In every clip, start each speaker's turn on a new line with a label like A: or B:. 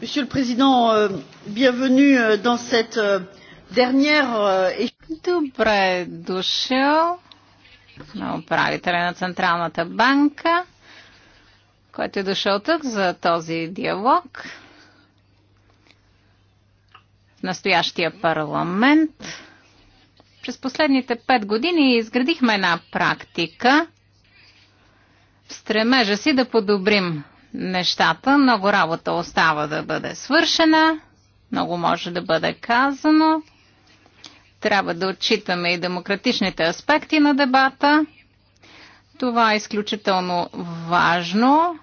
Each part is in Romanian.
A: monsieur le président bienvenue dans cette
B: dernière Добре настоящия парламент. През последните пет години изградихме една практика в стремежа си да подобрим нещата. Много работа остава да бъде свършена, много може да бъде казано. Трябва да отчитаме и демократичните аспекти на дебата. Това е изключително важно.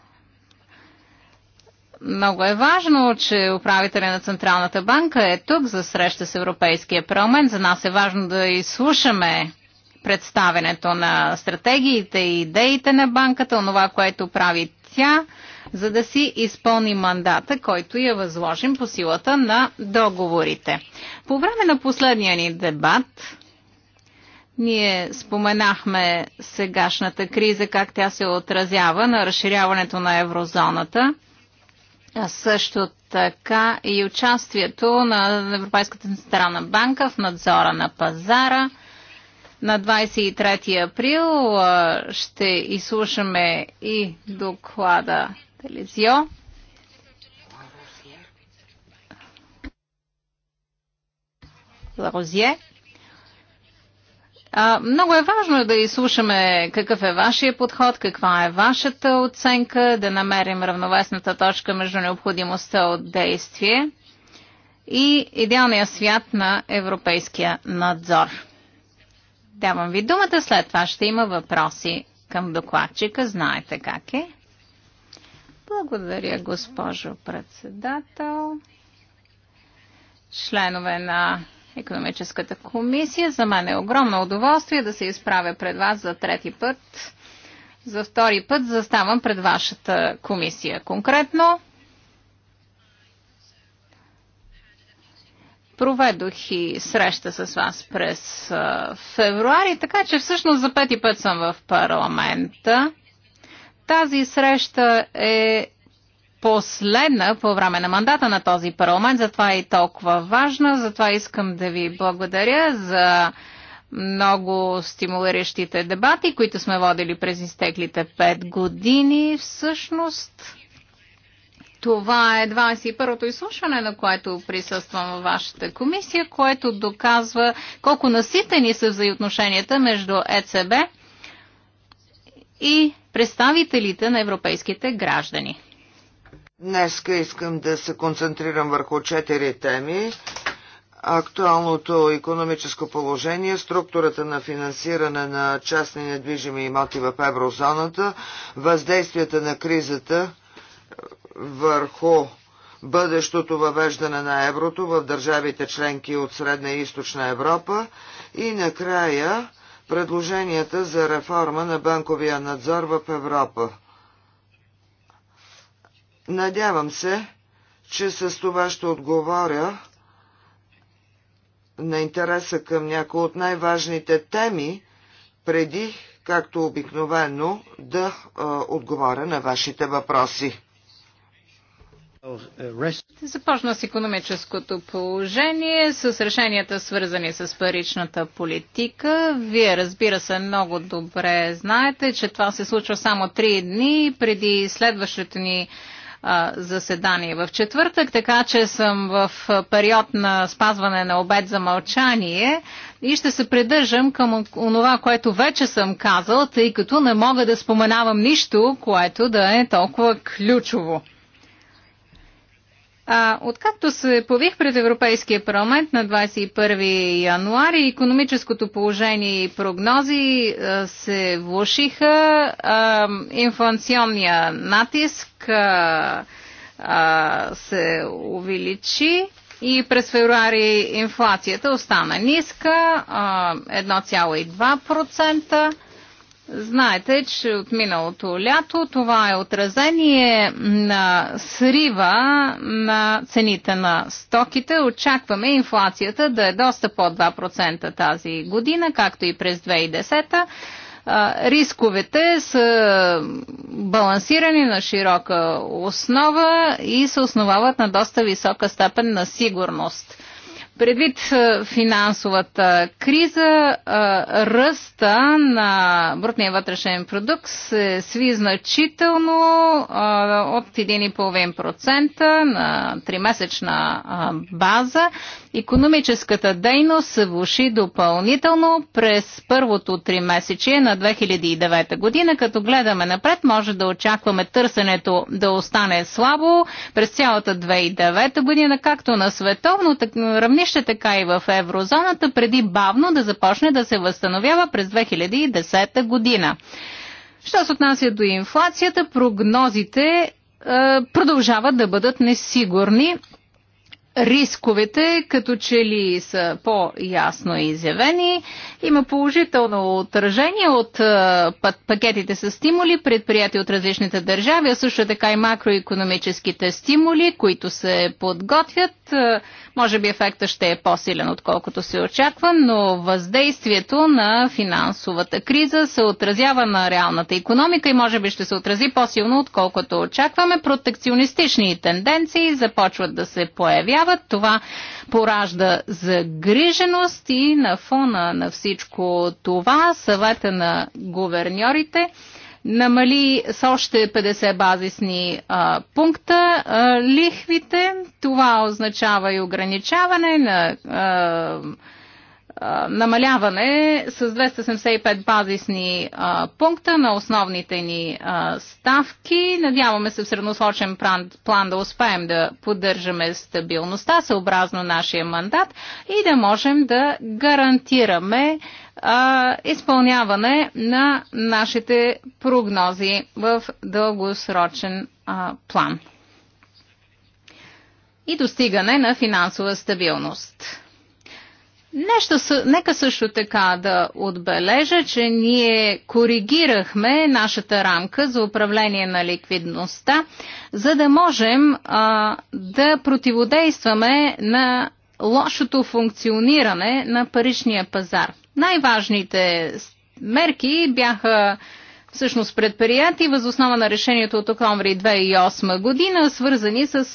B: Много е важно, че управителя на Централната банка е тук за среща с Европейския парламент. За нас е важно да изслушаме представенето на стратегиите и идеите на банката, онова, което прави тя за да си изпълни мандата, който я възложим по силата на договорите. По време на последния ни дебат ние споменахме сегашната криза, как тя се отразява на разширяването на еврозоната, а също така и участието на Европейската централна банка в надзора на пазара. На 23 април ще изслушаме и доклада pe les Много е важно да изслушаме какъв е вашия подход, каква е вашата оценка, да намерим равновесната точка между необходимостта от действие и идеалния свят на европейския надзор. Давам ви думата, след това ще има въпроси към докладчика, знаете как е. Благодаря, госпожо председател. Членове на економическата комисия, за мен е огромно удоволствие да се изправя пред вас за трети път. За втори път заставам пред вашата комисия. Конкретно, проведох и среща с вас през февруари, така че всъщност за пети път съм в парламента. Тази среща е последна по време на мандата на този парламент, затова е и толкова важна, затова искам да ви благодаря за много стимулиращите дебати, които сме водили през изтеклите 5 години. Всъщност, това е 21-то изслушване, на което присъствам във вашата комисия, което доказва колко наситени са взаимоотношенията между ЕЦБ и представителите на европейските граждани.
A: Днес искам да се концентрирам върху четири теми. Актуалното економическо положение, структурата на финансиране на частни недвижими имоти в еврозоната, въздействията на кризата върху бъдещото въвеждане на еврото в държавите членки от Средна и Източна Европа и накрая предложенията за реформа на банковия надзор в Европа. Надявам се, че с това ще отговоря на интереса към някои от най-важните теми, преди, както обикновено, да а, отговоря на вашите въпроси.
B: Започна с економическото положение, с решенията свързани с паричната политика. Вие, разбира се, много добре знаете, че това се случва само три дни преди следващото ни заседание в четвъртък, така че съм в период на спазване на обед за мълчание и ще се придържам към онова, което вече съм казал, тъй като не мога да споменавам нищо, което да е толкова ключово. А, откакто се пових пред Европейския парламент на 21 януари, економическото положение и прогнози а, се влушиха, а, инфлационния натиск а, а, се увеличи и през февруари инфлацията остана ниска, 1,2%. Знаете, че от миналото лято това е отразение на срива на цените на стоките. Очакваме инфлацията да е доста под 2% тази година, както и през 2010 та рисковете са балансирани на широка основа и се основават на доста висока степен на сигурност. Предвид финансовата криза, ръста на брутния вътрешен продукт се сви значително от 1,5% на тримесечна база Економическата дейност се влуши допълнително през първото три месече на 2009 година. Като гледаме напред, може да очакваме търсенето да остане слабо през цялата 2009 година, както на световно равнище, така и в еврозоната, преди бавно да започне да се възстановява през 2010 година. Що се отнася до инфлацията, прогнозите продължават да бъдат несигурни рисковете като че ли са по-ясно изявени. Има положително отражение от пакетите с стимули, предприяти от различните държави, а също така и макроекономическите стимули, които се подготвят. Може би ефектът ще е по-силен, отколкото се очаква, но въздействието на финансовата криза се отразява на реалната економика и може би ще се отрази по-силно, отколкото очакваме. Протекционистични тенденции започват да се появяват. Това поражда загриженост и на фона на всичко това съвета на гуверньорите – намали с още 50 базисни а, пункта а, лихвите. Това означава и ограничаване на а, а, намаляване с 275 базисни а, пункта на основните ни а, ставки. Надяваме се в средносрочен план, план да успеем да поддържаме стабилността съобразно нашия мандат и да можем да гарантираме а, а, изпълняване на нашите прогнози в дългосрочен а, план и достигане на финансова стабилност. Нещо, нека също така да отбележа, че ние коригирахме нашата рамка за управление на ликвидността, за да можем а, да противодействаме на лошото функциониране на паричния пазар. Най-важните мерки бяха всъщност предприятия основа на решението от октомври 2008 година, свързани с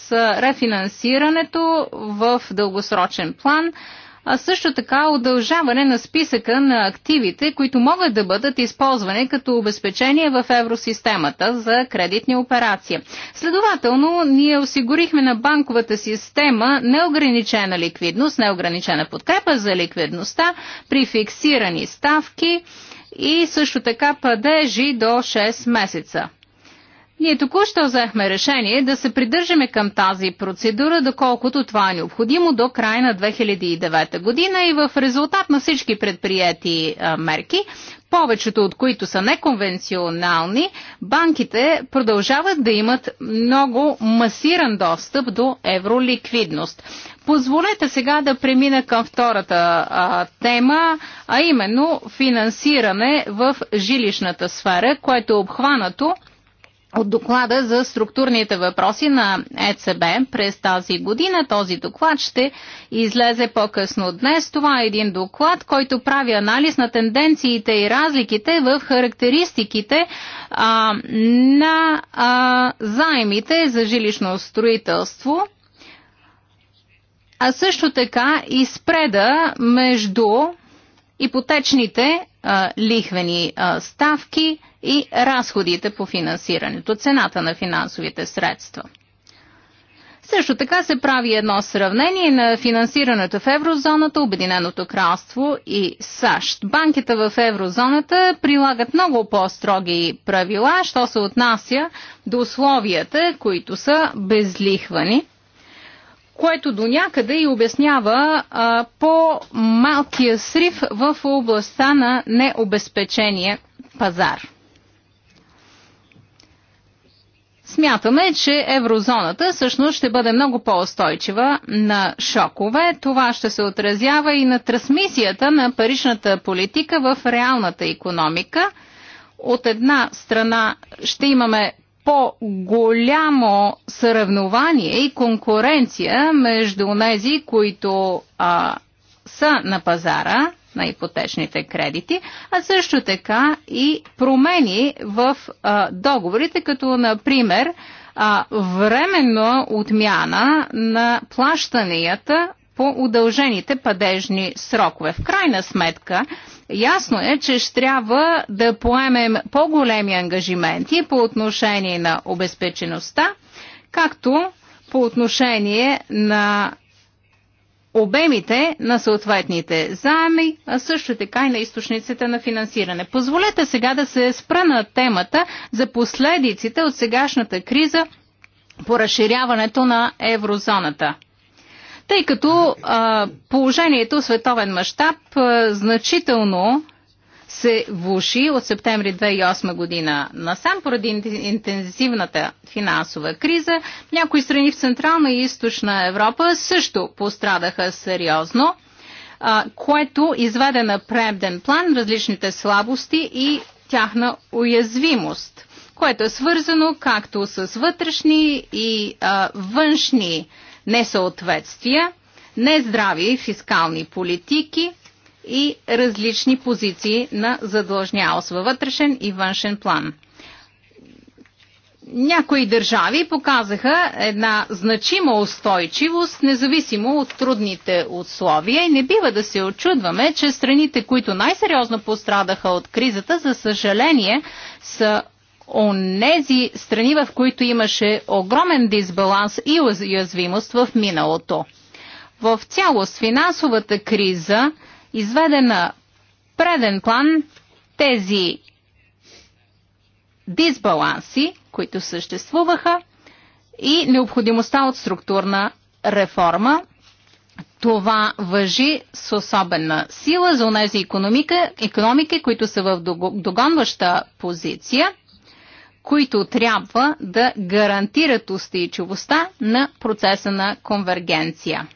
B: рефинансирането в дългосрочен план – а също така удължаване на списъка на активите, които могат да бъдат използвани като обезпечение в евросистемата за кредитни операции. Следователно, ние осигурихме на банковата система неограничена ликвидност, неограничена подкрепа за ликвидността при фиксирани ставки и също така падежи до 6 месеца. Ние току-що взехме решение да се придържаме към тази процедура, доколкото това е необходимо до края на 2009 година и в резултат на всички предприяти мерки, повечето от които са неконвенционални, банките продължават да имат много масиран достъп до евроликвидност. Позволете сега да премина към втората а, тема, а именно финансиране в жилищната сфера, което е обхванато от доклада за структурните въпроси на ЕЦБ през тази година. Този доклад ще излезе по-късно днес. Това е един доклад, който прави анализ на тенденциите и разликите в характеристиките а, на а, заемите за жилищно строителство, а също така и спреда между ипотечните а, лихвени а, ставки – и разходите по финансирането, цената на финансовите средства. Също така се прави едно сравнение на финансирането в еврозоната, Обединеното кралство и САЩ. Банките в еврозоната прилагат много по-строги правила, що се отнася до условията, които са безлихвани, което до някъде и обяснява а, по-малкия срив в областта на необезпечение пазар. Смятаме, че еврозоната всъщност ще бъде много по-устойчива на шокове. Това ще се отразява и на трансмисията на паричната политика в реалната економика. От една страна ще имаме по-голямо съревнование и конкуренция между тези, които а, са на пазара на ипотечните кредити, а също така и промени в а, договорите, като например а, временно отмяна на плащанията по удължените падежни срокове. В крайна сметка, ясно е, че ще трябва да поемем по-големи ангажименти по отношение на обезпечеността, както по отношение на обемите на съответните заеми, а също така и на източниците на финансиране. Позволете сега да се спра на темата за последиците от сегашната криза по разширяването на еврозоната. Тъй като а, положението в световен мащаб значително се влуши от септември 2008 година. Насам поради интензивната финансова криза, някои страни в Централна и Източна Европа също пострадаха сериозно, което изведе на пребден план различните слабости и тяхна уязвимост, което е свързано както с вътрешни и а, външни несъответствия, нездрави фискални политики, и различни позиции на задлъжня ос във вътрешен и външен план. Някои държави показаха една значима устойчивост, независимо от трудните условия и не бива да се очудваме, че страните, които най-сериозно пострадаха от кризата, за съжаление са онези страни, в които имаше огромен дисбаланс и уязвимост в миналото. В цялост финансовата криза изведен preden plan, план тези дисбаланси, които съществуваха и необходимостта от структурна реформа. Това въжи с особена сила за тези економики, които са в догонваща позиция, които трябва да гарантират устойчивостта на процеса на конвергенция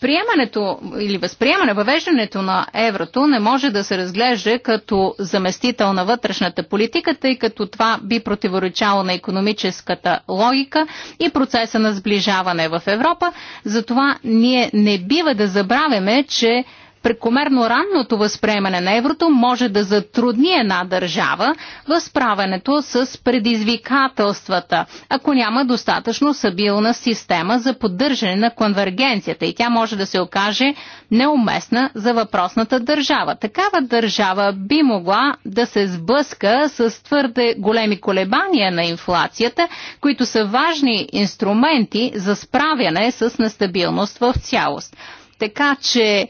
B: приемането или възприемане, въвеждането на еврото не може да се разглежда като заместител на вътрешната политика, тъй като това би противоречало на економическата логика и процеса на сближаване в Европа. Затова ние не бива да забравяме, че прекомерно ранното възприемане на еврото може да затрудни една държава в справенето с предизвикателствата, ако няма достатъчно стабилна система за поддържане на конвергенцията и тя може да се окаже неуместна за въпросната държава. Такава държава би могла да се сблъска с твърде големи колебания на инфлацията, които са важни инструменти за справяне с нестабилност в цялост. Така че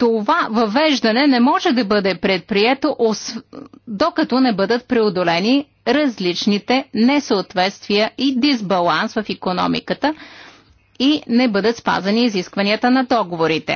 B: това въвеждане не може да бъде предприето, докато не бъдат преодолени различните несъответствия и дисбаланс в економиката и не бъдат спазани изискванията на договорите.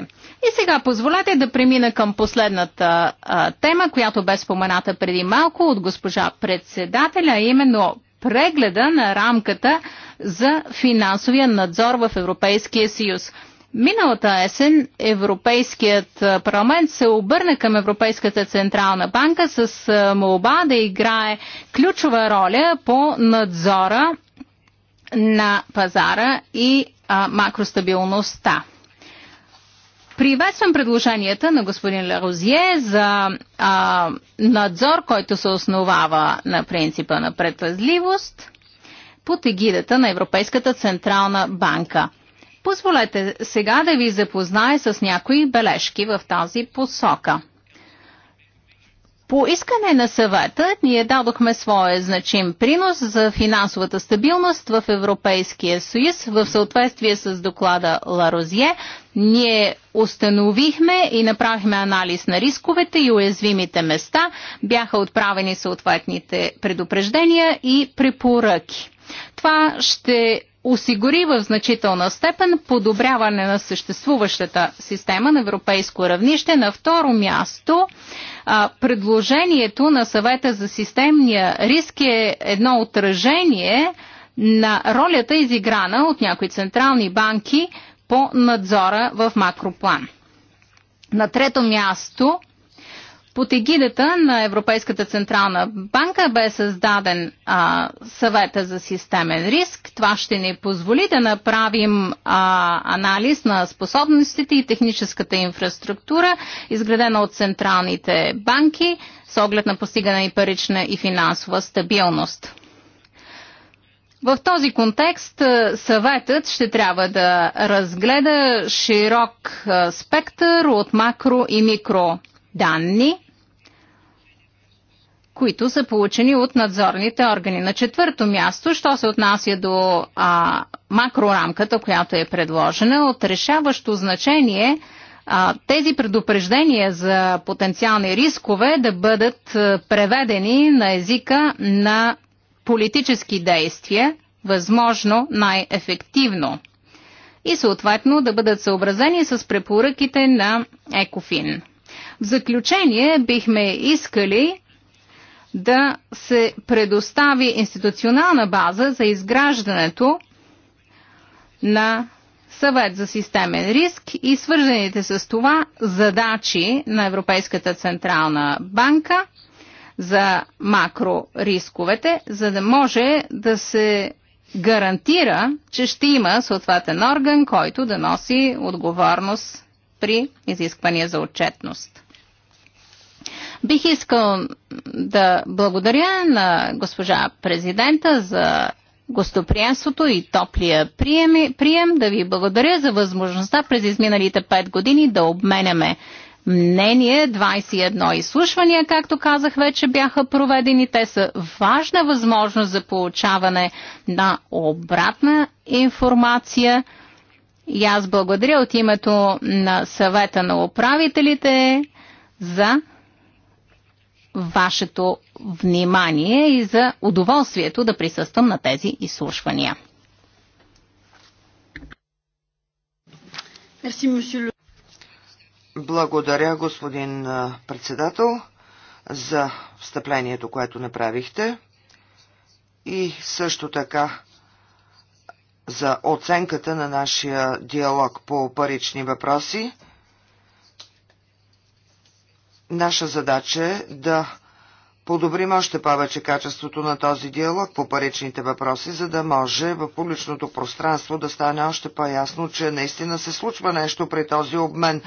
B: И сега позволете да премина към последната а, тема, която бе спомената преди малко от госпожа председателя, именно прегледа на рамката за финансовия надзор в Европейския съюз. Миналата есен Европейският парламент се обърна към Европейската централна банка с молба да играе ключова роля по надзора на пазара и макростабилността. Приветствам предложенията на господин Лерозие за а, надзор, който се основава на принципа на предпазливост под егидата на Европейската централна банка – Позволете сега да ви запознае с някои бележки в тази посока. По искане на съвета ние дадохме своя значим принос за финансовата стабилност в Европейския съюз. В съответствие с доклада Ларозие, ние установихме и направихме анализ на рисковете и уязвимите места. Бяха отправени съответните предупреждения и препоръки. Това ще осигури в значителна степен подобряване на съществуващата система на европейско равнище. На второ място, предложението на съвета за системния риск е едно отражение на ролята изиграна от някои централни банки по надзора в макроплан. На трето място, Под на Европейската централна банка бе създаден а, съвета за системен риск. Това ще ни позволи да направим а, анализ на способностите и техническата инфраструктура, изградена от централните банки с оглед на постигане и парична и финансова стабилност. В този контекст съветът ще трябва да разгледа широк спектър от макро и микро данни, които са получени от надзорните органи. На четвърто място, що се отнася до а, макрорамката, която е предложена, от решаващо значение а, тези предупреждения за потенциални рискове да бъдат преведени на езика на политически действия, възможно най-ефективно и съответно да бъдат съобразени с препоръките на ЕКОФИН. В заключение бихме искали да се предостави институционална база за изграждането на съвет за системен риск и свързаните с това задачи на Европейската централна банка за макрорисковете, за да може да се гарантира, че ще има съответен орган, който да носи отговорност при изисквания за отчетност. Бих искал да благодаря на госпожа президента за гостоприемството и топлия прием, прием, да ви благодаря за възможността през изминалите 5 години да обменяме мнение. 21 изслушвания, както казах, вече бяха проведени. Те са важна възможност за получаване на обратна информация. И аз благодаря от името на съвета на управителите за вашето внимание и за удоволствието да присъствам на тези изслушвания.
A: Благодаря, господин председател, за встъплението, което направихте и също така за оценката на нашия диалог по парични въпроси. Наша задача е да подобрим още повече качеството на този диалог по паричните въпроси, за да може в публичното пространство да стане още по-ясно, че наистина се случва нещо при този обмен.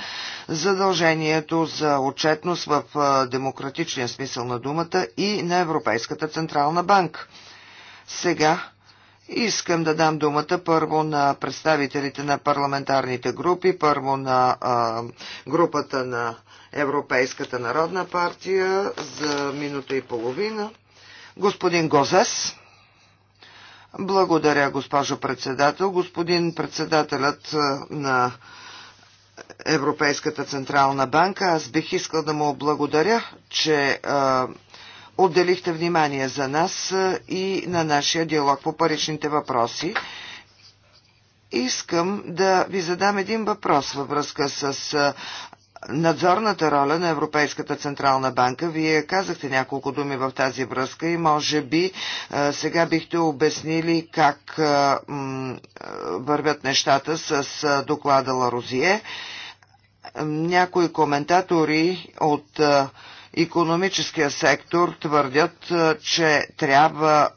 A: Задължението за отчетност в демократичния смисъл на думата и на Европейската Централна банка. Сега Искам да дам думата първо на представителите на парламентарните групи, първо на а, групата на Европейската народна партия за минута и половина. Господин Гозес. Благодаря, госпожо председател. Господин председателят на Европейската централна банка, аз бих искал да му благодаря, че а, отделихте внимание за нас а, и на нашия диалог по паричните въпроси. Искам да ви задам един въпрос във връзка с надзорната роля на Европейската Централна банка. Вие казахте няколко думи в тази връзка и може би сега бихте обяснили как вървят нещата с доклада Ларозие. Някои коментатори от Икономическия сектор твърдят, че трябва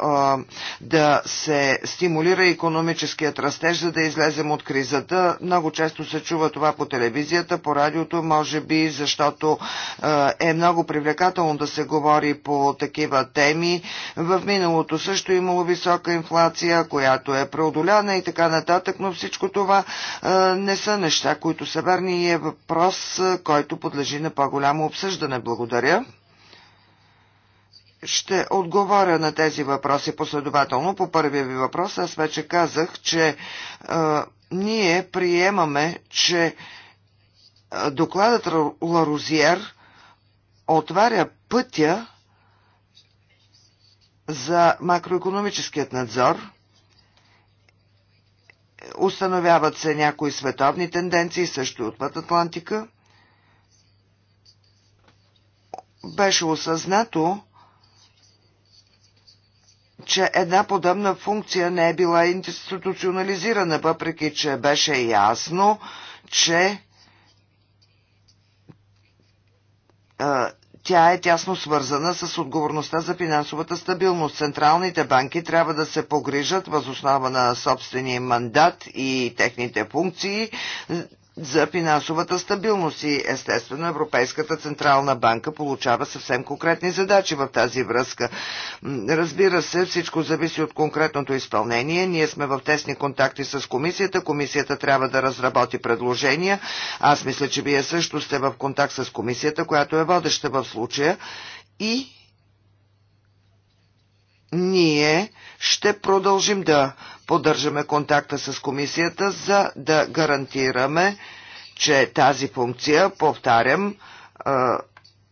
A: да се стимулира економическият растеж, за да излезем от кризата. Много често се чува това по телевизията, по радиото, може би защото е много привлекателно да се говори по такива теми. В миналото също имало висока инфлация, която е преодоляна и така нататък, но всичко това не са неща, които са верни и е въпрос, който подлежи на по-голямо обсъждане. Благодаря. Благодаря. Ще отговоря на тези въпроси последователно. По първия ви въпрос аз вече казах, че е, ние приемаме, че е, докладът Ларузиер отваря пътя за макроекономическият надзор. Установяват се някои световни тенденции, също и отвъд Атлантика – беше осъзнато, че една подобна функция не е била институционализирана, въпреки че беше ясно, че тя е тясно свързана с отговорността за финансовата стабилност. Централните банки трябва да се погрижат възоснова на собствения мандат и техните функции за финансовата стабилност и естествено Европейската Централна банка получава съвсем конкретни задачи в тази връзка. Разбира се, всичко зависи от конкретното изпълнение. Ние сме в тесни контакти с комисията. Комисията трябва да разработи предложения. Аз мисля, че вие също сте в контакт с комисията, която е водеща в случая. И ние ще продължим да поддържаме контакта с комисията, за да гарантираме, че тази функция, повтарям,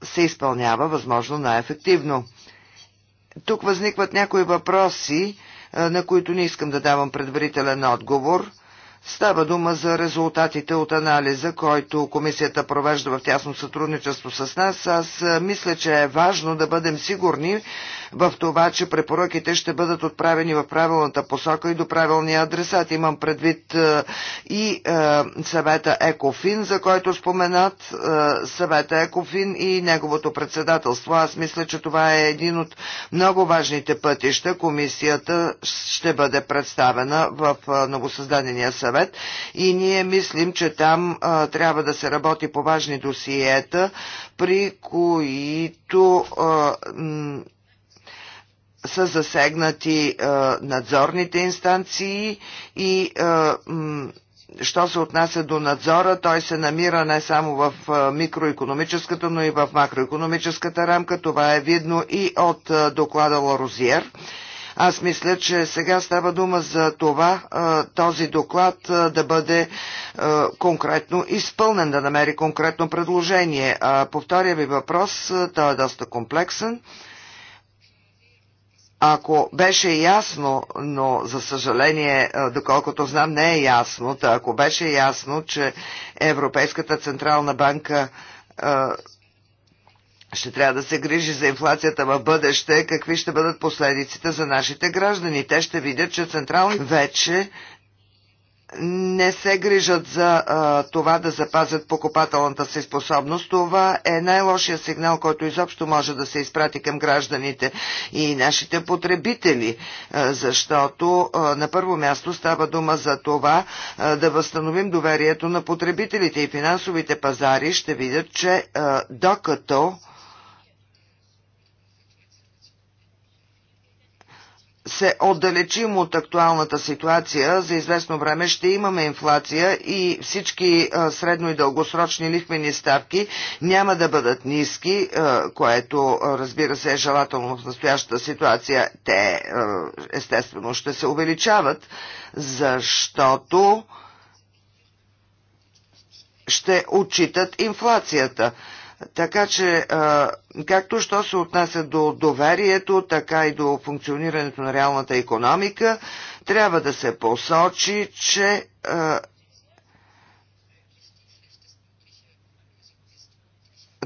A: се изпълнява възможно най-ефективно. Тук възникват някои въпроси, на които не искам да давам предварителен отговор – Става дума за резултатите от анализа, който комисията провежда в тясно сътрудничество с нас. Аз мисля, че е важно да бъдем сигурни в това, че препоръките ще бъдат отправени в правилната посока и до правилния адресат. Имам предвид и съвета Екофин, за който споменат съвета Екофин и неговото председателство. Аз мисля, че това е един от много важните пътища. Комисията ще бъде представена в новосъздадения съвет съвет и ние мислим, че там а, трябва да се работи по важни досиета, при които а, са засегнати а, надзорните инстанции и а, що се отнася до надзора, той се намира не само в микроекономическата, но и в макроекономическата рамка. Това е видно и от доклада Лорозиер. Аз мисля, че сега става дума за това този доклад да бъде конкретно изпълнен, да намери конкретно предложение. А по втория ви въпрос, той е доста комплексен. Ако беше ясно, но за съжаление, доколкото знам, не е ясно, ако беше ясно, че Европейската Централна банка ще трябва да се грижи за инфлацията в бъдеще, какви ще бъдат последиците за нашите граждани. Те ще видят, че централни вече не се грижат за а, това да запазят покупателната си способност. Това е най-лошия сигнал, който изобщо може да се изпрати към гражданите и нашите потребители, а, защото а, на първо място става дума за това а, да възстановим доверието на потребителите и финансовите пазари ще видят, че а, докато се отдалечим от актуалната ситуация, за известно време ще имаме инфлация и всички средно и дългосрочни лихвени ставки няма да бъдат ниски, което разбира се е желателно в настоящата ситуация. Те естествено ще се увеличават, защото ще отчитат инфлацията. Така че, както що се отнася до доверието, така и до функционирането на реалната економика, трябва да се посочи, че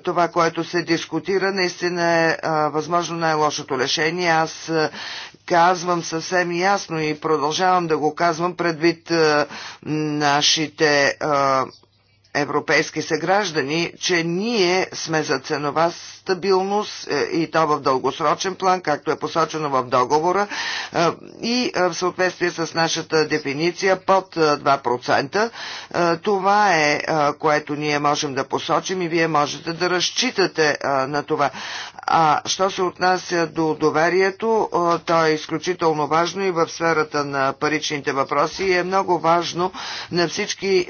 A: това, което се дискутира, наистина е възможно най-лошото решение. Аз казвам съвсем ясно и продължавам да го казвам предвид нашите а, европейски съграждани, че ние сме за ценова стабилност и то в дългосрочен план, както е посочено в договора и в съответствие с нашата дефиниция под 2%. Това е което ние можем да посочим и вие можете да разчитате на това. А що се отнася до доверието, то е изключително важно и в сферата на паричните въпроси и е много важно на всички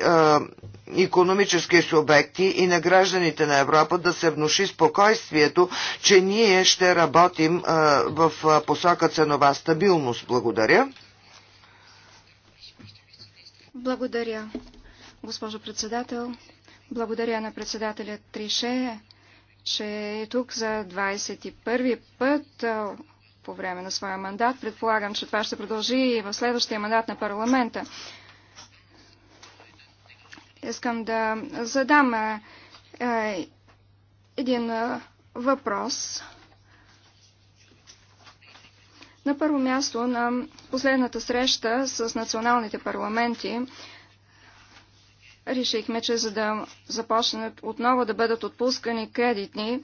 A: економически субекти и на гражданите на Европа да се внуши спокойствието, че ние ще работим в посока ценова стабилност. Благодаря.
C: Благодаря, госпожо председател. Благодаря на председателя Трише, че е тук за 21 и път по време на своя мандат. Предполагам, че това ще продължи и в следващия мандат на парламента. Искам да задам а, а, един а, въпрос. На първо място на последната среща с националните парламенти решихме, че за да започнат отново да бъдат отпускани кредитни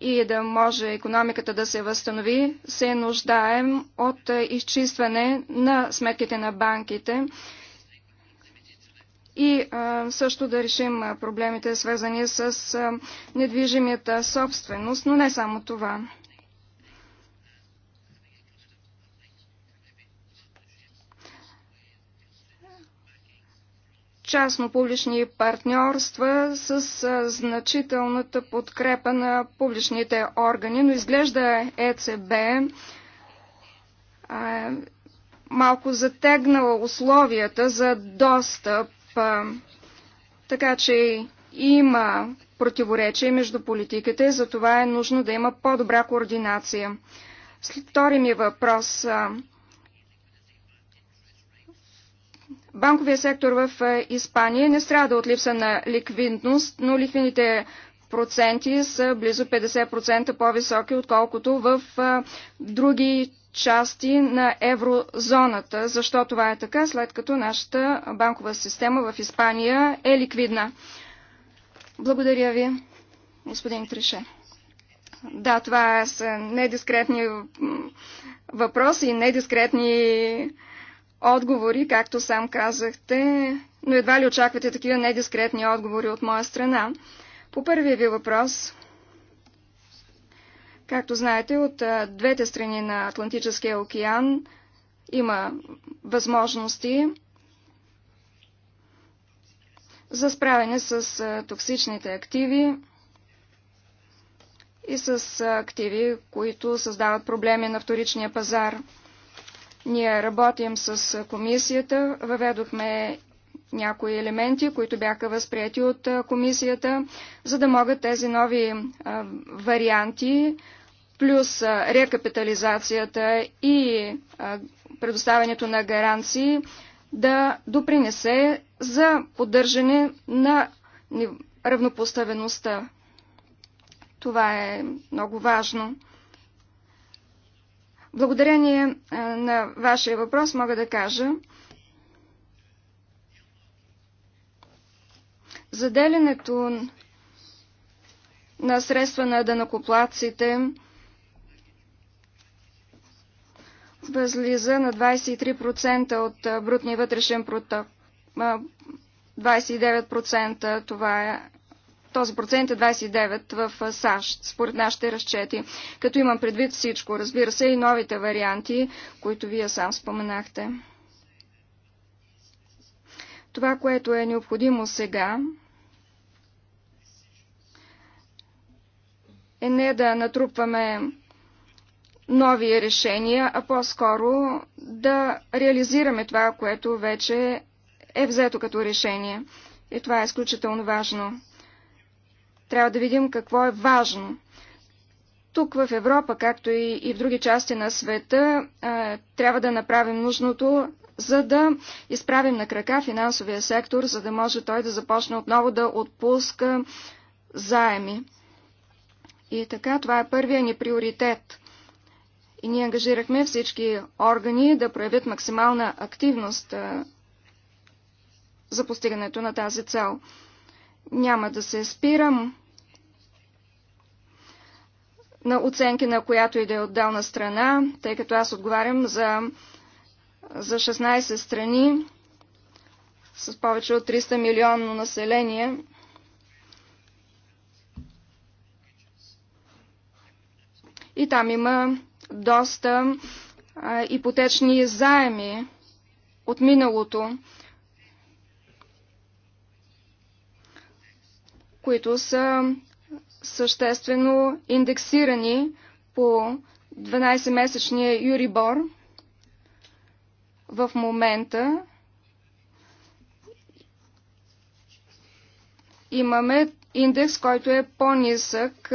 C: и да може економиката да се възстанови, се нуждаем от изчистване на сметките на банките и а, също да решим проблемите, свързани с а, недвижимията собственост, но не само това. частно-публични партньорства с а, значителната подкрепа на публичните органи, но изглежда ЕЦБ а, малко затегнала условията за достъп така че има противоречие между политиките за това е нужно да има по-добра координация. След втори ми въпрос. Банковия сектор в Испания не страда от липса на ликвидност, но ликвидните проценти са близо 50% по-високи, отколкото в други части на еврозоната. Защо това е така, след като нашата банкова система в Испания е ликвидна? Благодаря ви, господин Трише. Да, това са недискретни въпроси и недискретни отговори, както сам казахте, но едва ли очаквате такива недискретни отговори от моя страна. По първия ви въпрос, Както знаете, от двете страни на Атлантическия океан има възможности за справяне с токсичните активи и с активи, които създават проблеми на вторичния пазар. Ние работим с комисията, въведохме някои елементи, които бяха възприяти от комисията, за да могат тези нови варианти плюс рекапитализацията и предоставянето на гаранции да допринесе за поддържане на равнопоставеността. Това е много важно. Благодарение на вашия въпрос мога да кажа, заделянето на средства на данакоплаците – възлиза на 23% от брутния вътрешен продукт. 29% това е този процент е 29 в САЩ, според нашите разчети. Като имам предвид всичко, разбира се, и новите варианти, които вие сам споменахте. Това, което е необходимо сега, е не да натрупваме нови решения, а по-скоро да реализираме това, което вече е взето като решение. И това е изключително важно. Трябва да видим какво е важно. Тук в Европа, както и, и в други части на света, е, трябва да направим нужното, за да изправим на крака финансовия сектор, за да може той да започне отново да отпуска заеми. И така, това е първия ни приоритет – И ние ангажирахме всички органи да проявят максимална активност за постигането на тази цел. Няма да се спирам на оценки на която и да е отделна страна, тъй като аз отговарям за, за 16 страни с повече от 300 милионно население. И там има доста а, ипотечни заеми от миналото, които са съществено индексирани по 12-месечния Юрибор в момента. Имаме индекс, който е по-нисък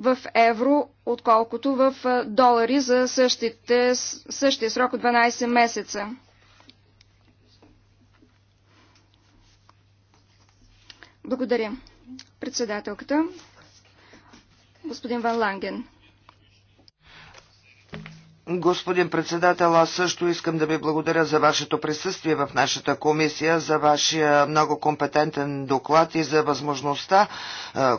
C: в евро, отколкото в долари за същите, същия срок от 12 месеца. Благодаря. Председателката, господин Ван Ланген.
A: Господин председател, аз също искам да ви благодаря за вашето присъствие в нашата комисия, за вашия много компетентен доклад и за възможността,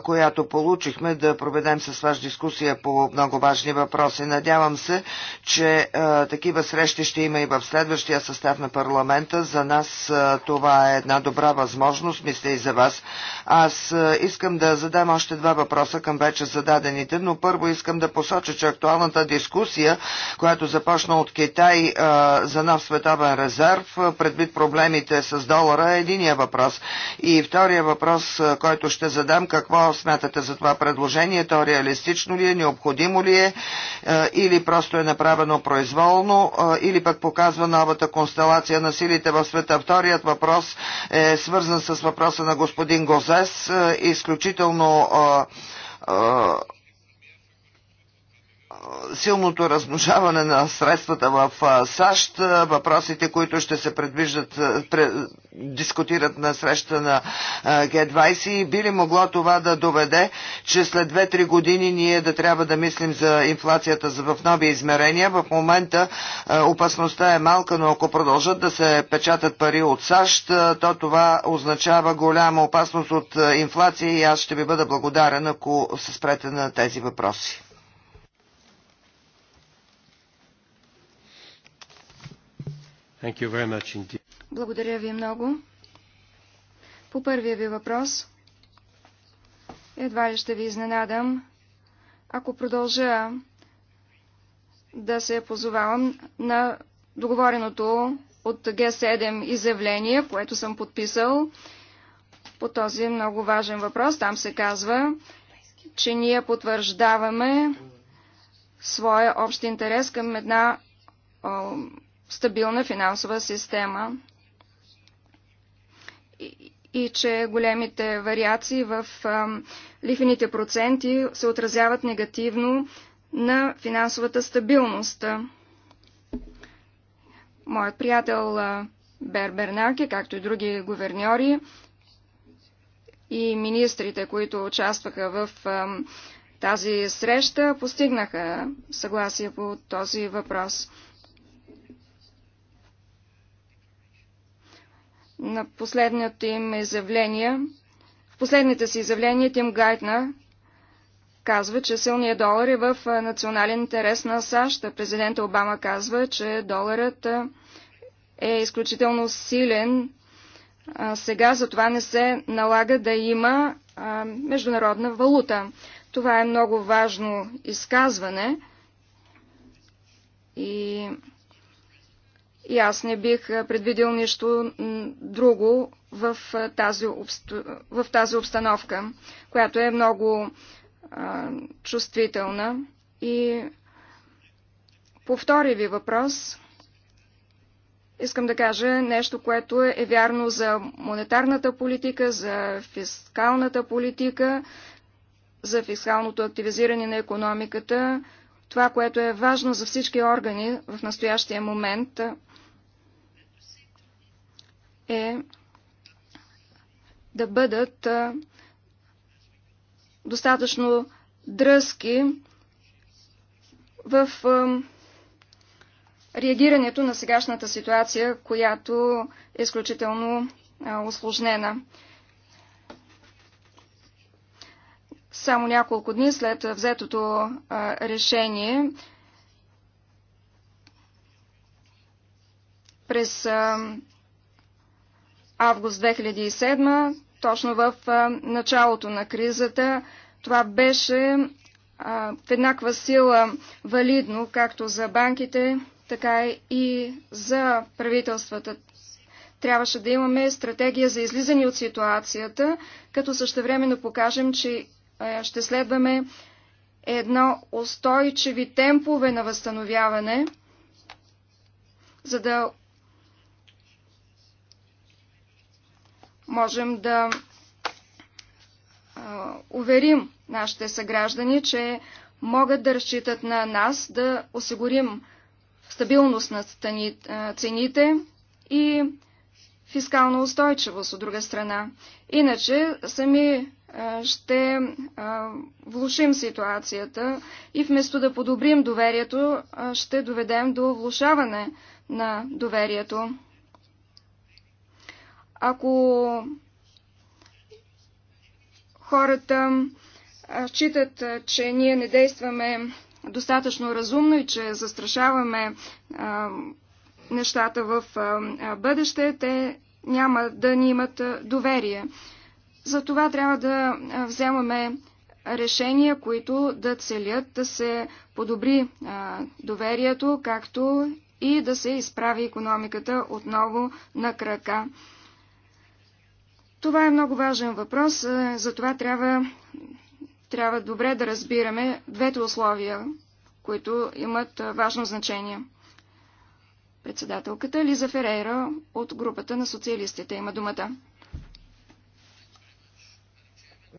A: която получихме да проведем с ваш дискусия по много важни въпроси. Надявам се, че такива срещи ще има и в следващия състав на парламента. За нас това е една добра възможност, мисля и за вас. Аз искам да задам още два въпроса към вече зададените, но първо искам да посоча, че актуалната дискусия, която започна от Китай а, за нов световен резерв, предвид проблемите с долара е единия въпрос. И втория въпрос, който ще задам, какво смятате за това предложение? То реалистично ли е, необходимо ли е а, или просто е направено произволно а, или пък показва новата констелация на силите в света? Вторият въпрос е свързан с въпроса на господин Гозес. а, Изключително а, а, силното размножаване на средствата в САЩ, въпросите, които ще се предвиждат, дискутират на среща на Г-20 би ли могло това да доведе, че след 2-3 години ние да трябва да мислим за инфлацията в нови измерения. В момента опасността е малка, но ако продължат да се печатат пари от САЩ, то това означава голяма опасност от инфлация и аз ще ви бъда благодарен, ако се спрете на тези въпроси.
B: Thank you very much indeed.
C: Благодаря ви много. По първия ви въпрос, едва ли ще ви изненадам, ако продължа да се позовавам на договореното от Г7 изявление, което съм подписал по този много важен въпрос. Там се казва, че ние потвърждаваме своя общ интерес към една стабилна финансова система и, и че големите вариации в а, лихвените проценти се отразяват негативно на финансовата стабилност. Моят приятел Бер Бернаке, както и други гуверньори и министрите, които участваха в а, тази среща, постигнаха съгласие по този въпрос. на последното им изявление, в последните си изявления Тим Гайтнер казва, че силният долар е в национален интерес на САЩ. Президента Обама казва, че доларът е изключително силен. Сега за това не се налага да има международна валута. Това е много важно изказване и И аз не бих предвидил нищо друго в тази, обсто... в тази обстановка, която е много а, чувствителна. И по втори ви въпрос искам да кажа нещо, което е вярно за монетарната политика, за фискалната политика, за фискалното активизиране на економиката. Това, което е важно за всички органи в настоящия момент – е да бъдат достатъчно дръзки в реагирането на сегашната ситуация, която е изключително осложнена. Само няколко дни след взетото решение през август 2007, точно в началото на кризата. Това беше в еднаква сила валидно както за банките, така и за правителствата. Трябваше да имаме стратегия за излизане от ситуацията, като същевременно покажем, че ще следваме едно устойчиви темпове на възстановяване, за да можем да уверим нашите съграждани, че могат да разчитат на нас да осигурим стабилност на цените и фискална устойчивост от друга страна. Иначе сами ще влушим ситуацията и вместо да подобрим доверието, ще доведем до влушаване на доверието ако хората считат, че ние не действаме достатъчно разумно и че застрашаваме а, нещата в а, бъдеще, те няма да ни имат доверие. За това трябва да вземаме решения, които да целят да се подобри а, доверието, както и да се изправи економиката отново на крака. Това е много важен въпрос, за това трябва, трябва добре да разбираме двете условия, които имат важно значение. Председателката Лиза Ферейра от групата на социалистите има думата.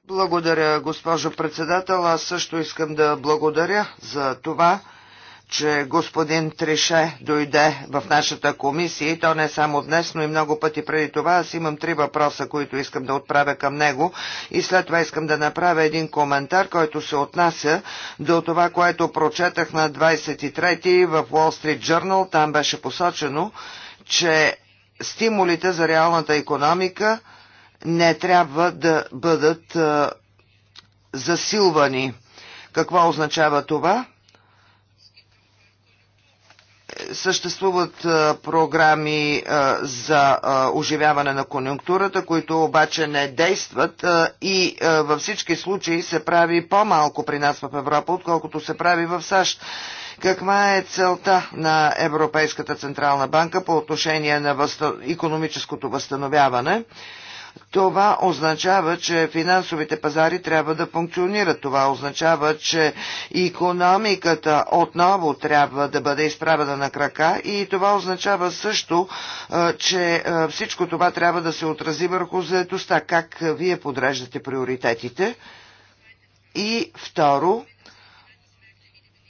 A: Благодаря, госпожо председател. Аз също искам да благодаря за това, че господин Трише дойде в нашата комисия и то не само днес, но и много пъти преди това. Аз имам три въпроса, които искам да отправя към него и след това искам да направя един коментар, който се отнася до това, което прочетах на 23 ти в Wall Street Journal. Там беше посочено, че стимулите за реалната економика не трябва да бъдат а, засилвани. Какво означава това? съществуват програми за оживяване на конюнктурата, които обаче не действат и във всички случаи се прави по-малко при нас в Европа, отколкото се прави в САЩ. Каква е целта на Европейската Централна банка по отношение на възстан... економическото възстановяване? Това означава, че финансовите пазари трябва да функционират. Това означава, че економиката отново трябва да бъде изправена на крака и това означава също, че всичко това трябва да се отрази върху заедостта. Как вие подреждате приоритетите? И второ,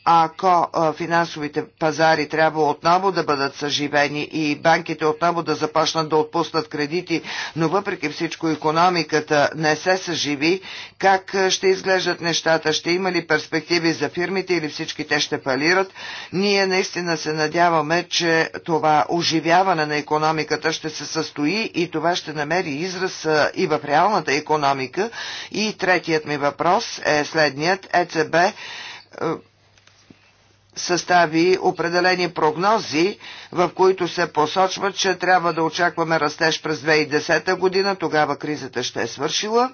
A: ако финансовите пазари трябва отново да бъдат съживени и банките отново да започнат да отпуснат кредити, но въпреки всичко економиката не се съживи, как ще изглеждат нещата? Ще има ли перспективи за фирмите или всички те ще палират? Ние наистина се надяваме, че това оживяване на економиката ще се състои и това ще намери израз и в реалната економика. И третият ми въпрос е следният. ЕЦБ състави определени прогнози, в които се посочва, че трябва да очакваме растеж през 2010 година, тогава кризата ще е свършила.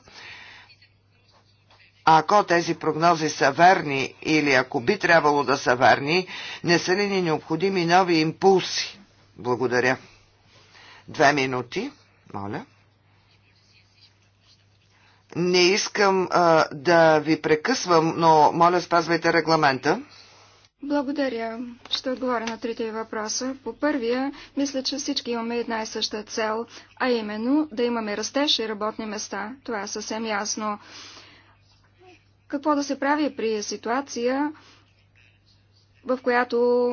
A: А ако тези прогнози са верни или ако би трябвало да са верни, не са ли ни необходими нови импулси? Благодаря. Две минути, моля. Не искам а, да ви прекъсвам, но моля спазвайте регламента.
C: Благодаря. Ще отговоря на трите въпроса. По първия, мисля, че всички имаме една и съща цел, а именно да имаме растеж и работни места. Това е съвсем ясно. Какво да се прави при ситуация, в която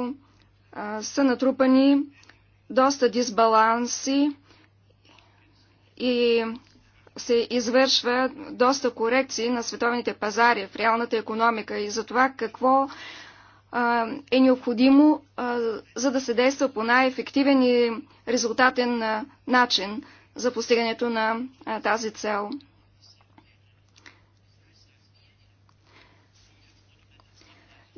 C: а, са натрупани доста дисбаланси и се извършва доста корекции на световните пазари в реалната економика и за това какво е необходимо, за да се действа по най-ефективен и резултатен начин за постигането на тази цел.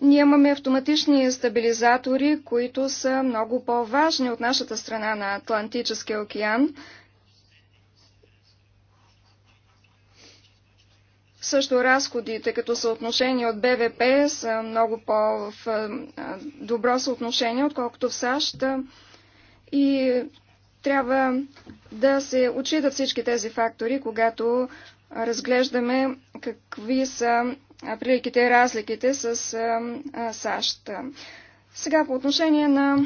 C: Ние имаме автоматични стабилизатори, които са много по-важни от нашата страна на Атлантическия океан, Също разходите като съотношение от БВП са много по-добро съотношение, отколкото в САЩ. И трябва да се отчитат всички тези фактори, когато разглеждаме какви са приликите и разликите с САЩ. Сега по отношение на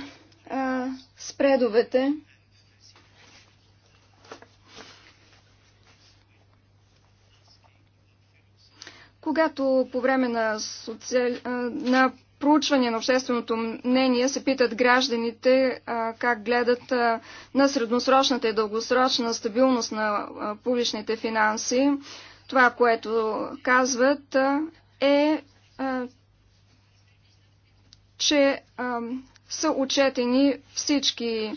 C: спредовете. Когато по време на, социали... на проучване на общественото мнение се питат гражданите а, как гледат а, на средносрочната и дългосрочна стабилност на а, публичните финанси, това, което казват е, че са учетени всички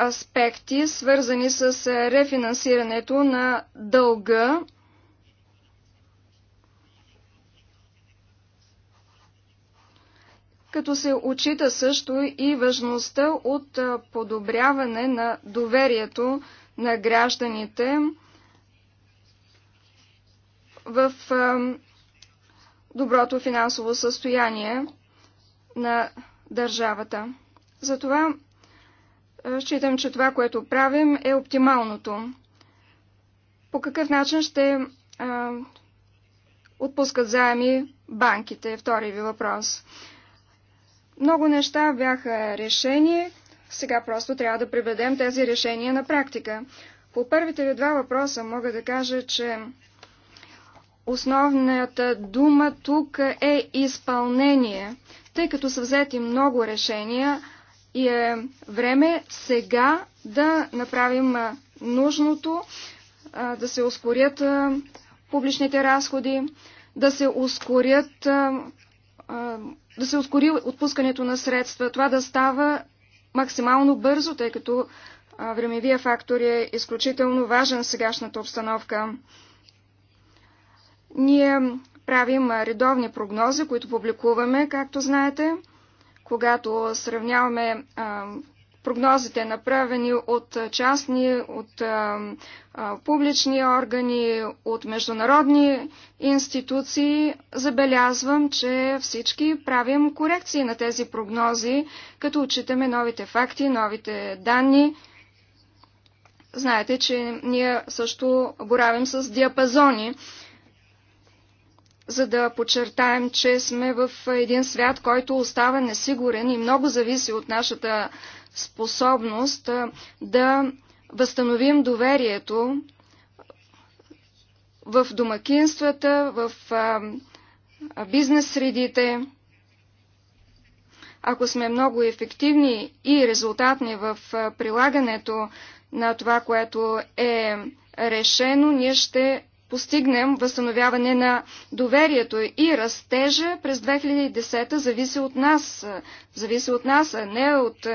C: аспекти, свързани с рефинансирането на дълга като се отчита също и важността от подобряване на доверието на гражданите в доброто финансово състояние на държавата. Затова считам, че това, което правим, е оптималното. По какъв начин ще отпускат заеми банките? Втори ви въпрос. Много неща бяха решени, сега просто трябва да приведем тези решения на практика. По първите ви два въпроса мога да кажа, че основната дума тук е изпълнение, тъй като са взети много решения и е време сега да направим нужното, да се ускорят публичните разходи, да се ускорят да се ускори отпускането на средства. Това да става максимално бързо, тъй като времевия фактор е изключително важен в сегашната обстановка. Ние правим редовни прогнози, които публикуваме, както знаете. Когато сравняваме прогнозите, направени от частни, от публични органи, от международни институции, забелязвам, че всички правим корекции на тези прогнози, като отчитаме новите факти, новите данни. Знаете, че ние също боравим с диапазони, за да подчертаем, че сме в един свят, който остава несигурен и много зависи от нашата способност да възстановим доверието в домакинствата, в бизнес средите. Ако сме много ефективни и резултатни в прилагането на това, което е решено, ние ще постигнем възстановяване на доверието и растежа през 2010 зависи от нас, зависи от нас, а не от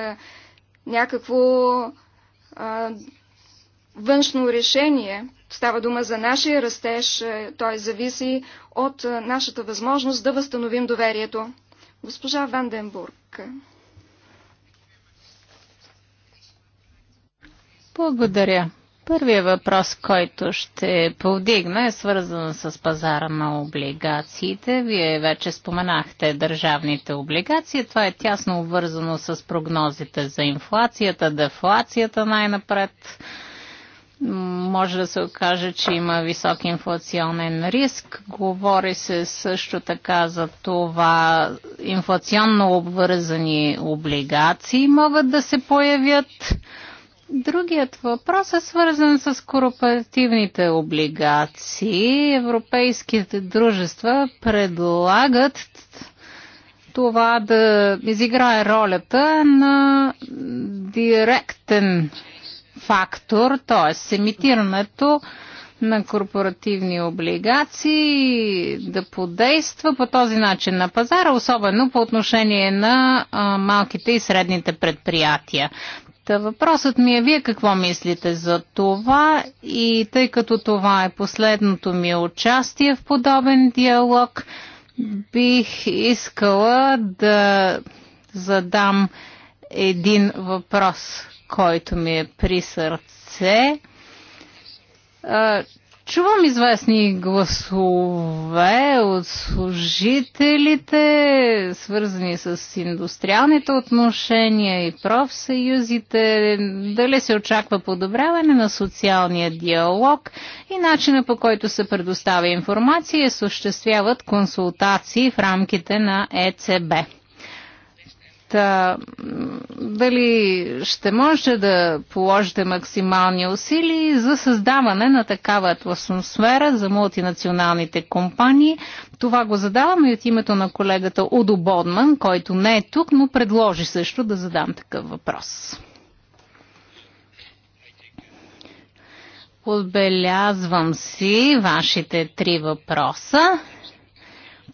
C: някакво а, външно решение. Става дума за нашия растеж. Той зависи от нашата възможност да възстановим доверието. Госпожа Ванденбург.
B: Благодаря. Първият въпрос, който ще повдигна е свързан с пазара на облигациите. Вие вече споменахте държавните облигации. Това е тясно обвързано с прогнозите за инфлацията, дефлацията най-напред. Може да се окаже, че има висок инфлационен риск. Говори се също така за това инфлационно обвързани облигации могат да се появят Другият въпрос е свързан с корпоративните облигации. Европейските дружества предлагат това да изиграе ролята на директен фактор, т.е. емитирането на корпоративни облигации да подейства по този начин на пазара, особено по отношение на а, малките и средните предприятия. Та въпросът ми е вие какво мислите за това и тъй като това е последното ми участие в подобен диалог, бих искала да задам един въпрос, който ми е при сърце. Чувам известни гласове от служителите, свързани с индустриалните отношения и профсъюзите, дали се очаква подобряване на социалния диалог и начина по който се предоставя информация и осъществяват консултации в рамките на ЕЦБ. Та, дали ще може да положите максимални усилия за създаване на такава атмосфера за мултинационалните компании? Това го задаваме и от името на колегата Удо Бодман, който не е тук, но предложи също да задам такъв въпрос. Отбелязвам си вашите три въпроса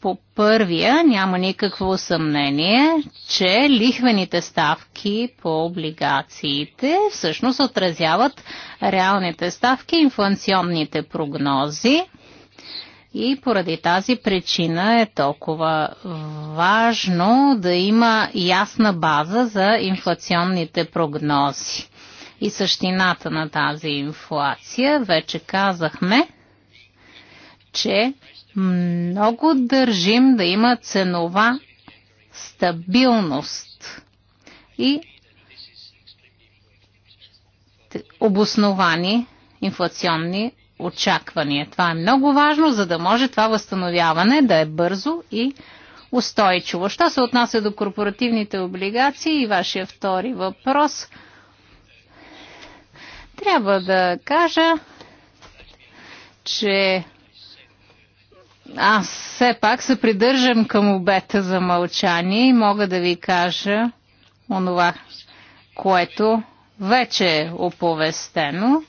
B: по първия няма никакво съмнение, че лихвените ставки по облигациите всъщност отразяват реалните ставки, инфлационните прогнози. И поради тази причина е толкова важно да има ясна база за инфлационните прогнози. И същината на тази инфлация, вече казахме, че Много държим да има ценова стабилност и обосновани инфлационни очаквания. Това е много важно, за да може това възстановяване да е бързо и устойчиво. Що се отнася до корпоративните облигации и вашия втори въпрос, трябва да кажа, че аз все пак се придържам към обета за мълчание и мога да ви кажа онова, което вече е оповестено.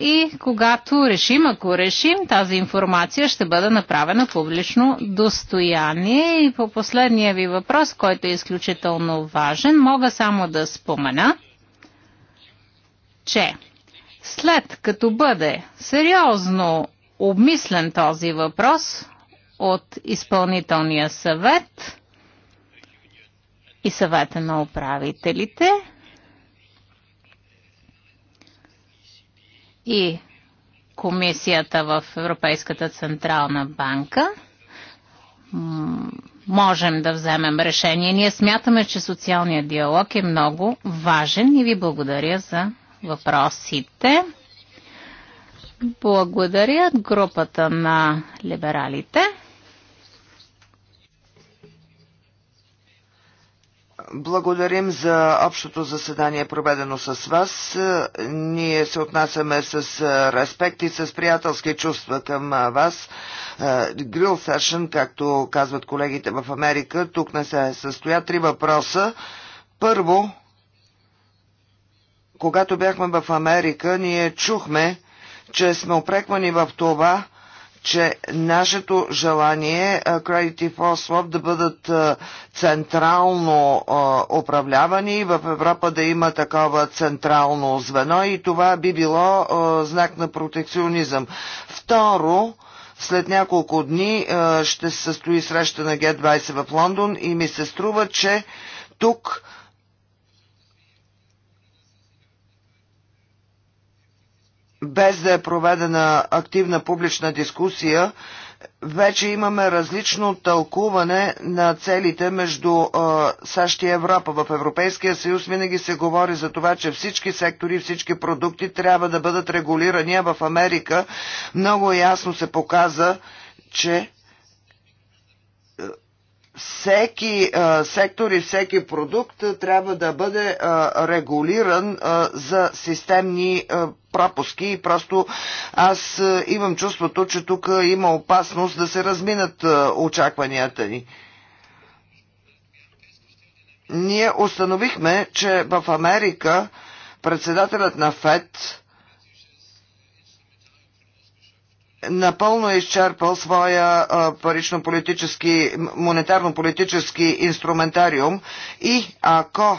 B: И когато решим, ако решим, тази информация ще бъде направена публично достояние. И по последния ви въпрос, който е изключително важен, мога само да спомена, че след като бъде сериозно обмислен този въпрос от изпълнителния съвет и съвета на управителите и комисията в Европейската централна банка можем да вземем решение. Ние смятаме, че социалният диалог е много важен и ви благодаря за въпросите. Благодаря групата на либералите.
A: Благодарим за общото заседание, проведено с вас. Ние се отнасяме с респект и с приятелски чувства към вас. Грил Session, както казват колегите в Америка, тук не се състоя три въпроса. Първо, когато бяхме в Америка, ние чухме, че сме опреквани в това, че нашето желание кредити Фосфоп да бъдат централно управлявани в Европа да има такова централно звено и това би било знак на протекционизъм. Второ, след няколко дни ще се състои среща на Г20 в Лондон и ми се струва, че тук без да е проведена активна публична дискусия, вече имаме различно тълкуване на целите между а, САЩ и Европа. В Европейския съюз винаги се говори за това, че всички сектори, всички продукти трябва да бъдат регулирани, а в Америка много ясно се показа, че всеки а, сектор и всеки продукт трябва да бъде а, регулиран а, за системни а, пропуски и просто аз а, имам чувството, че тук има опасност да се разминат а, очакванията ни. Ние установихме, че в Америка председателят на ФЕД напълно е изчерпал своя парично-политически, монетарно-политически инструментариум и ако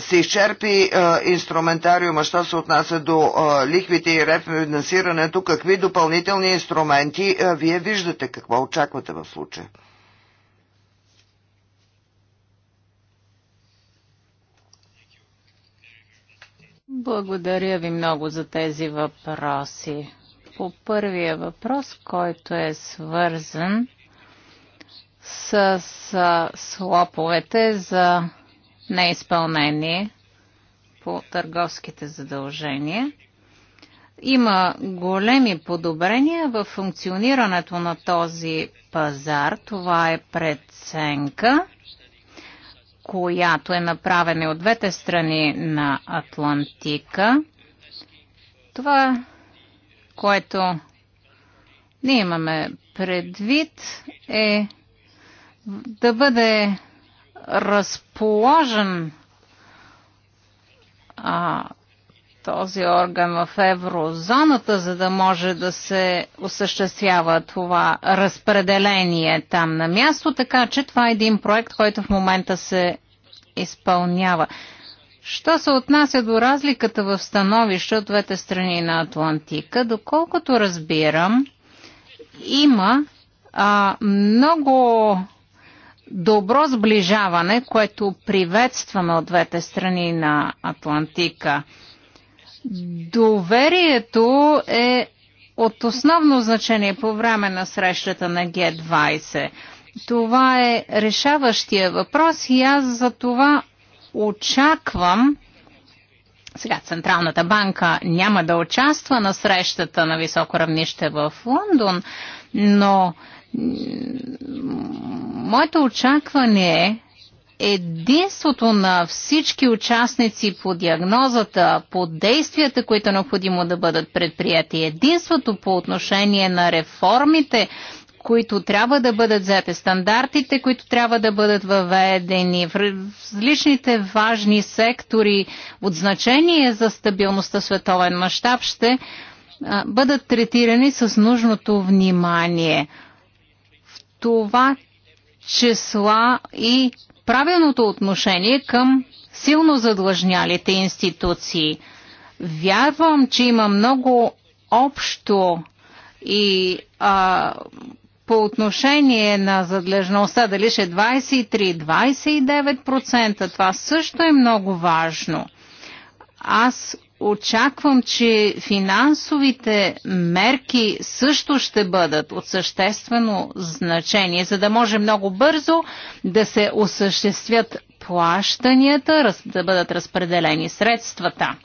A: се изчерпи а, инструментариума, що се отнася до а, лихвите и рефинансирането, какви допълнителни инструменти а, вие виждате, какво очаквате в случая?
B: Благодаря ви много за тези въпроси. По първия въпрос, който е свързан с, с слоповете за неизпълнение по търговските задължения. Има големи подобрения в функционирането на този пазар. Това е преценка която е направена от двете страни на Атлантика. Това, което ние имаме предвид е да бъде разположен а, този орган в еврозоната, за да може да се осъществява това разпределение там на място, така че това е един проект, който в момента се изпълнява. Що се отнася до разликата в становище от двете страни на Атлантика, доколкото разбирам, има а, много добро сближаване, което приветстваме от двете страни на Атлантика. Доверието е от основно значение по време на срещата на Г20. Това е решаващия въпрос и аз за това очаквам сега Централната банка няма да участва на срещата на високо равнище в Лондон, но моето очакване е единството на всички участници по диагнозата, по действията, които е необходимо да бъдат предприяти, единството по отношение на реформите, които трябва да бъдат взети, стандартите, които трябва да бъдат въведени в различните важни сектори от значение за стабилността в световен мащаб, ще бъдат третирани с нужното внимание. В това числа и правилното отношение към силно задлъжнялите институции. Вярвам, че има много общо и а, по отношение на задлежността, дали ще 23-29%, това също е много важно. Аз очаквам, че финансовите мерки също ще бъдат от съществено значение, за да може много бързо да се осъществят плащанията, да бъдат разпределени средствата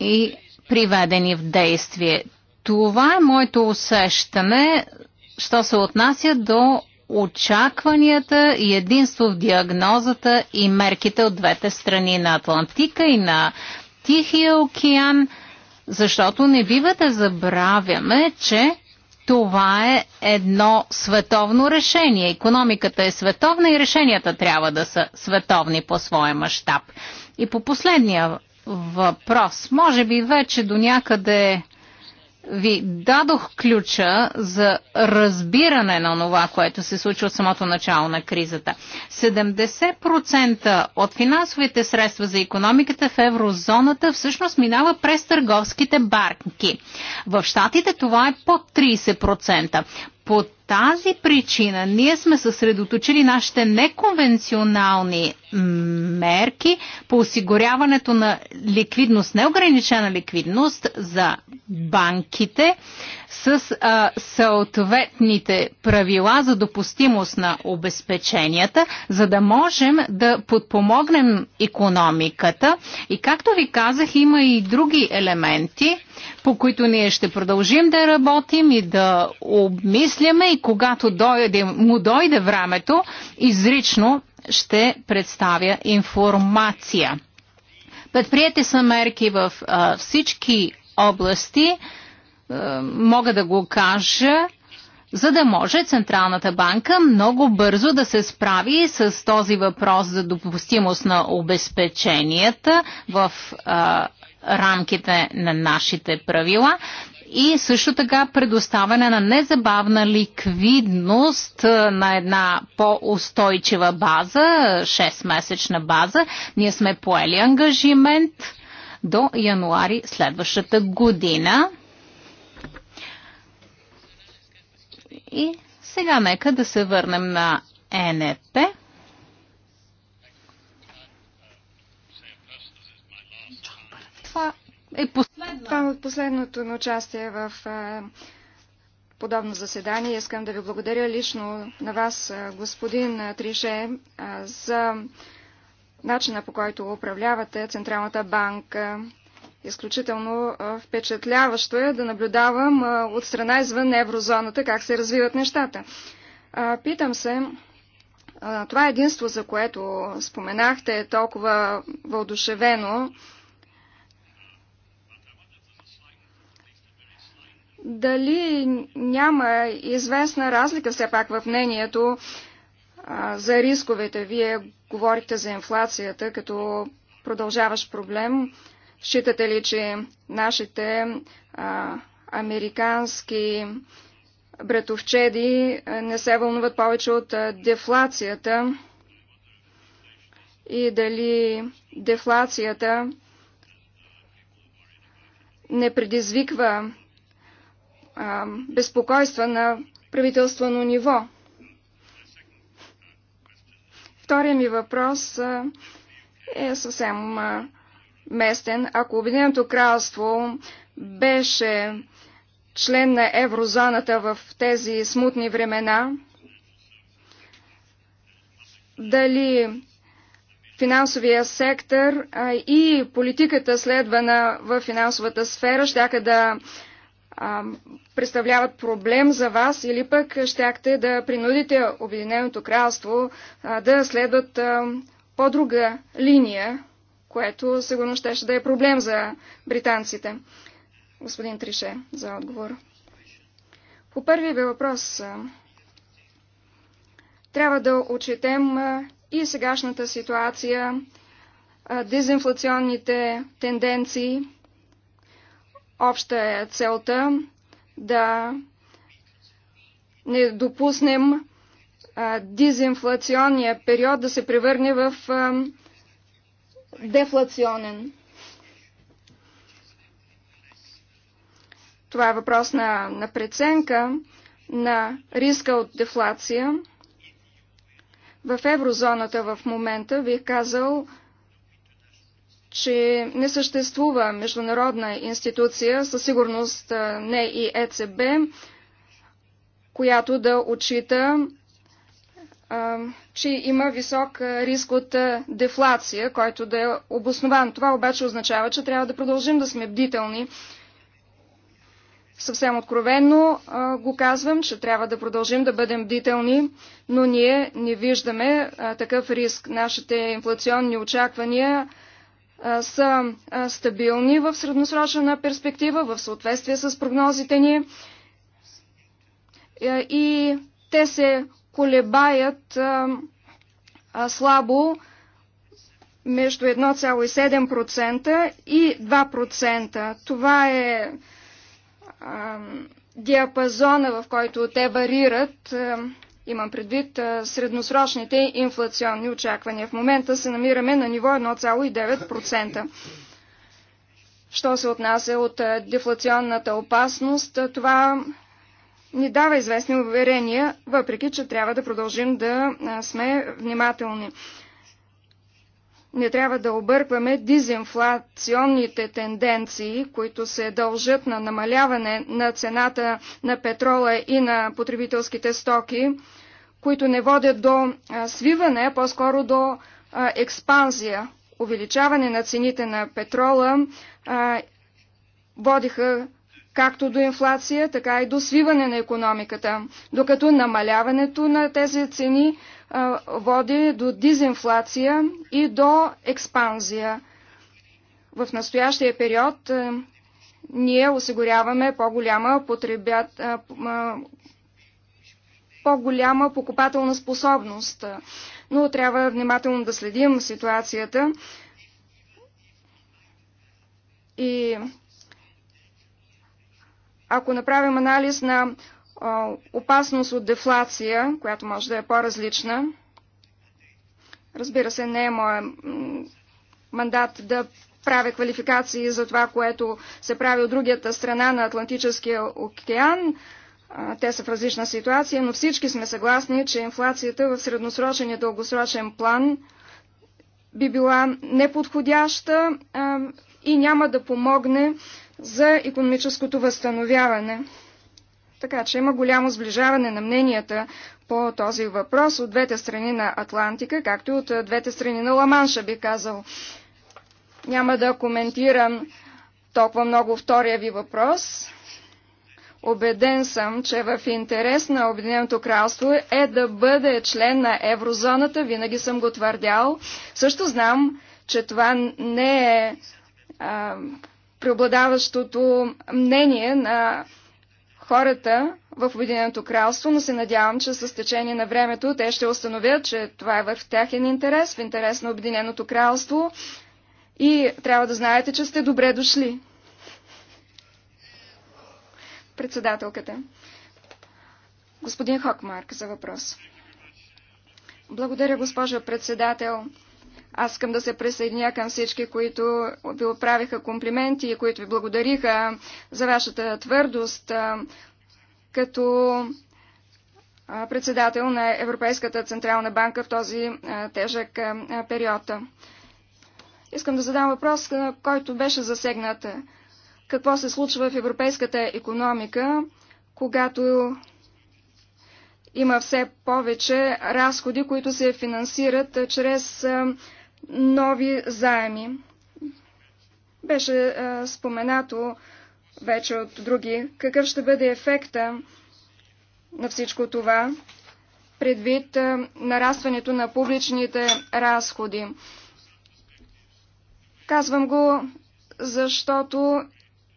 B: и приведени в действие. Това е моето усещане, що се отнася до очакванията и единство в диагнозата и мерките от двете страни на Атлантика и на Тихия океан, защото не бива да забравяме, че това е едно световно решение. Економиката е световна и решенията трябва да са световни по своя мащаб. И по последния въпрос, може би вече до някъде ви дадох ключа за разбиране на това, което се случи от самото начало на кризата. 70% от финансовите средства за економиката в еврозоната всъщност минава през търговските банки. В Штатите това е под 30%. По тази причина ние сме съсредоточили нашите неконвенционални мерки по осигуряването на ликвидност, неограничена ликвидност за банките с а, съответните правила за допустимост на обезпеченията, за да можем да подпомогнем економиката. И както ви казах, има и други елементи, по които ние ще продължим да работим и да обмисляме и когато дойде, му дойде времето, изрично ще представя информация. Предприяти са мерки в а, всички области, а, мога да го кажа, за да може Централната банка много бързо да се справи с този въпрос за допустимост на обезпеченията в а, рамките на нашите правила и също така предоставяне на незабавна ликвидност на една по-устойчива база, 6-месечна база. Ние сме поели ангажимент до януари следващата година. И сега нека да се върнем на ЕНП.
C: е последно... Това от последното ми участие в подобно заседание. Искам да ви благодаря лично на вас, господин Трише, за начина по който управлявате Централната банка. Изключително впечатляващо е да наблюдавам от страна извън еврозоната как се развиват нещата. Питам се, това единство, за което споменахте, е толкова вълдушевено, дали няма известна разлика все пак в мнението за рисковете. Вие говорите за инфлацията като продължаваш проблем. Считате ли, че нашите а, американски братовчеди не се вълнуват повече от а, дефлацията и дали дефлацията не предизвиква а, безпокойства на правителствено ниво. Втория ми въпрос е съвсем местен. Ако Обединеното кралство беше член на еврозоната в тези смутни времена, дали финансовия сектор и политиката следвана в финансовата сфера ще да представляват проблем за вас или пък щяхте да принудите Обединеното кралство да следват по-друга линия, което сигурно щеше да е проблем за британците. Господин Трише, за отговор. По първия ви въпрос трябва да отчетем и сегашната ситуация, дезинфлационните тенденции – Обща е целта да не допуснем а, период да се превърне в дефлационен. Това е въпрос на, на преценка на риска от дефлация. В еврозоната в момента бих казал, че не съществува международна институция, със сигурност не и ЕЦБ, която да отчита, че има висок риск от дефлация, който да е обоснован. Това обаче означава, че трябва да продължим да сме бдителни. Съвсем откровенно го казвам, че трябва да продължим да бъдем бдителни, но ние не виждаме такъв риск. Нашите инфлационни очаквания са стабилни в средносрочна перспектива, в съответствие с прогнозите ни и те се колебаят слабо между 1,7% и 2%. Това е диапазона, в който те варират Имам предвид средносрочните инфлационни очаквания. В момента се намираме на ниво 1,9%. Що се отнася от дефлационната опасност, това ни дава известни уверения, въпреки че трябва да продължим да сме внимателни. Не трябва да объркваме дизинфлационните тенденции, които се дължат на намаляване на цената на петрола и на потребителските стоки които не водят до свиване, а по-скоро до експанзия. Увеличаване на цените на петрола водиха както до инфлация, така и до свиване на економиката, докато намаляването на тези цени води до дизинфлация и до експанзия. В настоящия период ние осигуряваме по-голяма по-голяма покупателна способност. Но трябва внимателно да следим ситуацията и ако направим анализ на опасност от дефлация, която може да е по-различна, разбира се, не е моят мандат да правя квалификации за това, което се прави от другата страна на Атлантическия океан, те са в различна ситуация, но всички сме съгласни, че инфлацията в средносрочен и дългосрочен план би била неподходяща и няма да помогне за економическото възстановяване. Така че има голямо сближаване на мненията по този въпрос от двете страни на Атлантика, както и от двете страни на Ламанша, би казал. Няма да коментирам толкова много втория ви въпрос убеден съм, че в интерес на Обединеното кралство е да бъде член на еврозоната. Винаги съм го твърдял. Също знам, че това не е а, преобладаващото мнение на хората в Обединеното кралство, но се надявам, че с течение на времето те ще установят, че това е в тяхен интерес, в интерес на Обединеното кралство и трябва да знаете, че сте добре дошли. Председателката. Господин Хокмарк за въпрос. Благодаря, госпожа председател. Аз искам да се присъединя към всички, които ви отправиха комплименти и които ви благодариха за вашата твърдост като председател на Европейската Централна банка в този тежък период. Искам да задам въпрос, който беше засегната какво се случва в европейската економика, когато има все повече разходи, които се финансират чрез нови заеми. Беше споменато вече от други какъв ще бъде ефекта на всичко това предвид нарастването на публичните разходи. Казвам го, защото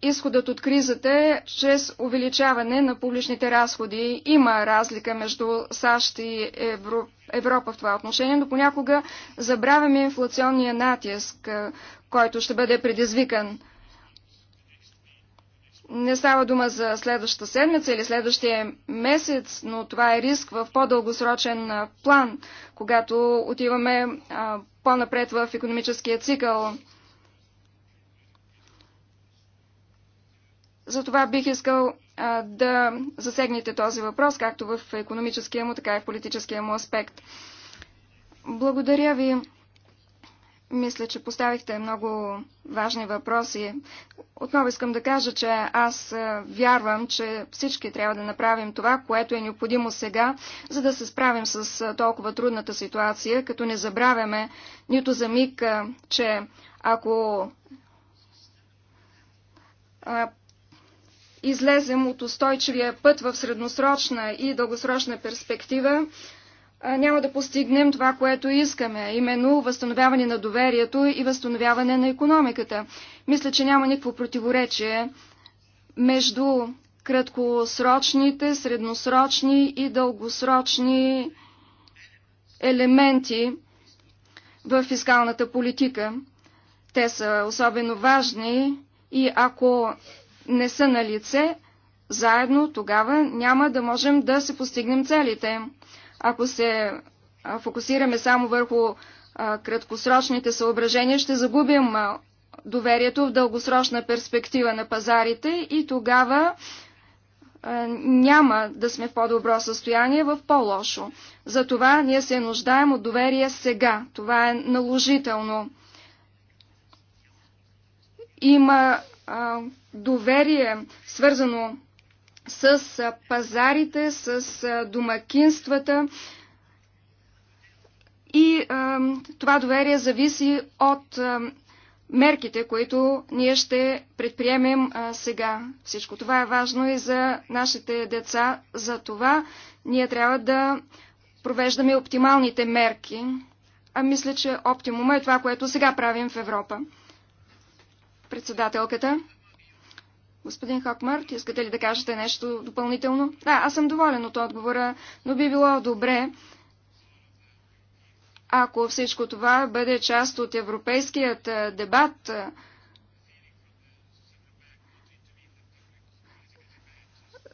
C: изходът от кризата чрез увеличаване на публичните разходи. Има разлика между САЩ и Европа. Европа в това отношение, но понякога забравяме инфлационния натиск, който ще бъде предизвикан. Не става дума за следващата седмица или следващия месец, но това е риск в по-дългосрочен план, когато отиваме по-напред в економическия цикъл. Затова бих искал а, да засегнете този въпрос, както в економическия му, така и в политическия му аспект. Благодаря ви. Мисля, че поставихте много важни въпроси. Отново искам да кажа, че аз вярвам, че всички трябва да направим това, което е необходимо сега, за да се справим с толкова трудната ситуация, като не забравяме нито за миг, че ако излезем от устойчивия път в средносрочна и дългосрочна перспектива, няма да постигнем това, което искаме, именно възстановяване на доверието и възстановяване на економиката. Мисля, че няма никакво противоречие между краткосрочните, средносрочни и дългосрочни елементи в фискалната политика. Те са особено важни и ако не са на лице, заедно тогава няма да можем да се постигнем целите. Ако се фокусираме само върху краткосрочните съображения, ще загубим доверието в дългосрочна перспектива на пазарите и тогава няма да сме в по-добро състояние, в по-лошо. Затова ние се нуждаем от доверие сега. Това е наложително. Има а, доверие, свързано с пазарите, с домакинствата. И е, това доверие зависи от е, мерките, които ние ще предприемем е, сега. Всичко това е важно и за нашите деца. За това ние трябва да провеждаме оптималните мерки. А мисля, че оптимума е това, което сега правим в Европа. Председателката. Господин Хокмарт, искате ли да кажете нещо допълнително? Да, аз съм доволен от отговора, но би било добре, ако всичко това бъде част от европейският дебат,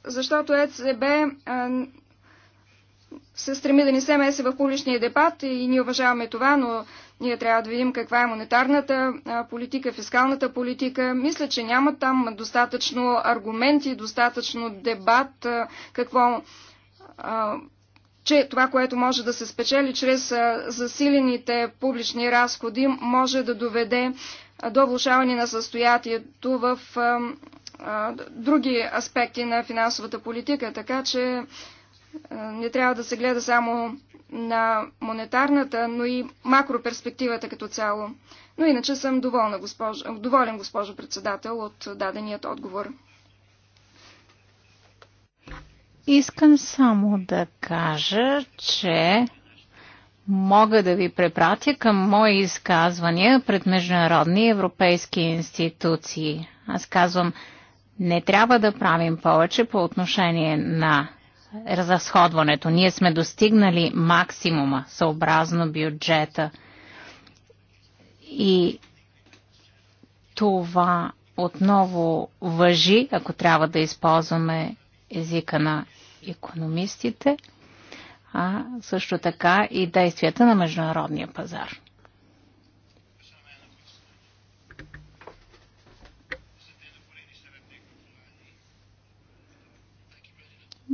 C: защото ЕЦБ се стреми да не се меси в публичния дебат и ние уважаваме това, но Ние трябва да видим каква е монетарната политика, фискалната политика. Мисля, че няма там достатъчно аргументи, достатъчно дебат, какво че това, което може да се спечели чрез засилените публични разходи, може да доведе до влушаване на състоятието в други аспекти на финансовата политика. Така че не трябва да се гледа само на монетарната, но и макроперспективата като цяло. Но иначе съм доволна, госпожо, доволен, госпожо председател, от даденият отговор.
B: Искам само да кажа, че мога да ви препратя към мои изказвания пред международни европейски институции. Аз казвам, не трябва да правим повече по отношение на разходването. Ние сме достигнали максимума съобразно бюджета. И това отново въжи, ако трябва да използваме езика на економистите, а също така и действията на международния пазар.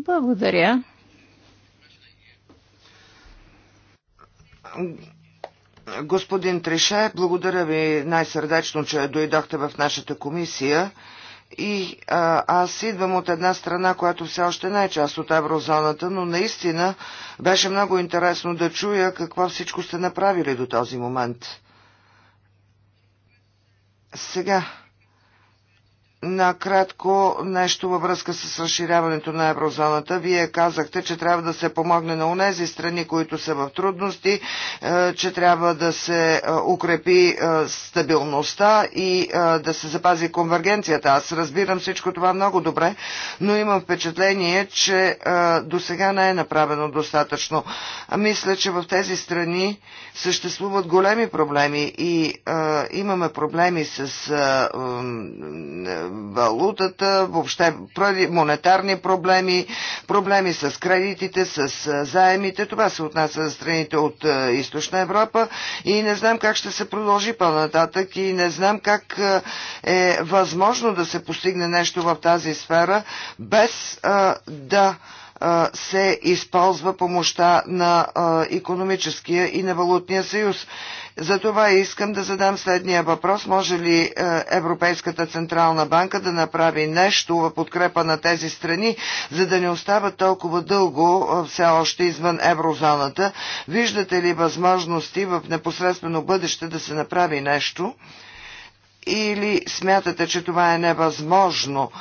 B: Благодаря.
A: Господин Трише, благодаря ви най-сърдечно, че дойдохте в нашата комисия. И а, аз идвам от една страна, която все още не е част от еврозоната, но наистина беше много интересно да чуя какво всичко сте направили до този момент. Сега, Накратко нещо във връзка с разширяването на еврозоната. Вие казахте, че трябва да се помогне на унези страни, които са в трудности, че трябва да се укрепи стабилността и да се запази конвергенцията. Аз разбирам всичко това много добре, но имам впечатление, че до сега не е направено достатъчно. Мисля, че в тези страни съществуват големи проблеми и имаме проблеми с валутата, въобще монетарни проблеми, проблеми с кредитите, с заемите. Това се отнася за страните от Източна Европа и не знам как ще се продължи по-нататък и не знам как е възможно да се постигне нещо в тази сфера без да се използва помощта на економическия и на валутния съюз. Затова искам да задам следния въпрос. Може ли Европейската Централна банка да направи нещо в подкрепа на тези страни, за да не остават толкова дълго все още извън еврозоната? Виждате ли възможности в непосредствено бъдеще да се направи нещо? Или смятате, че това е невъзможно?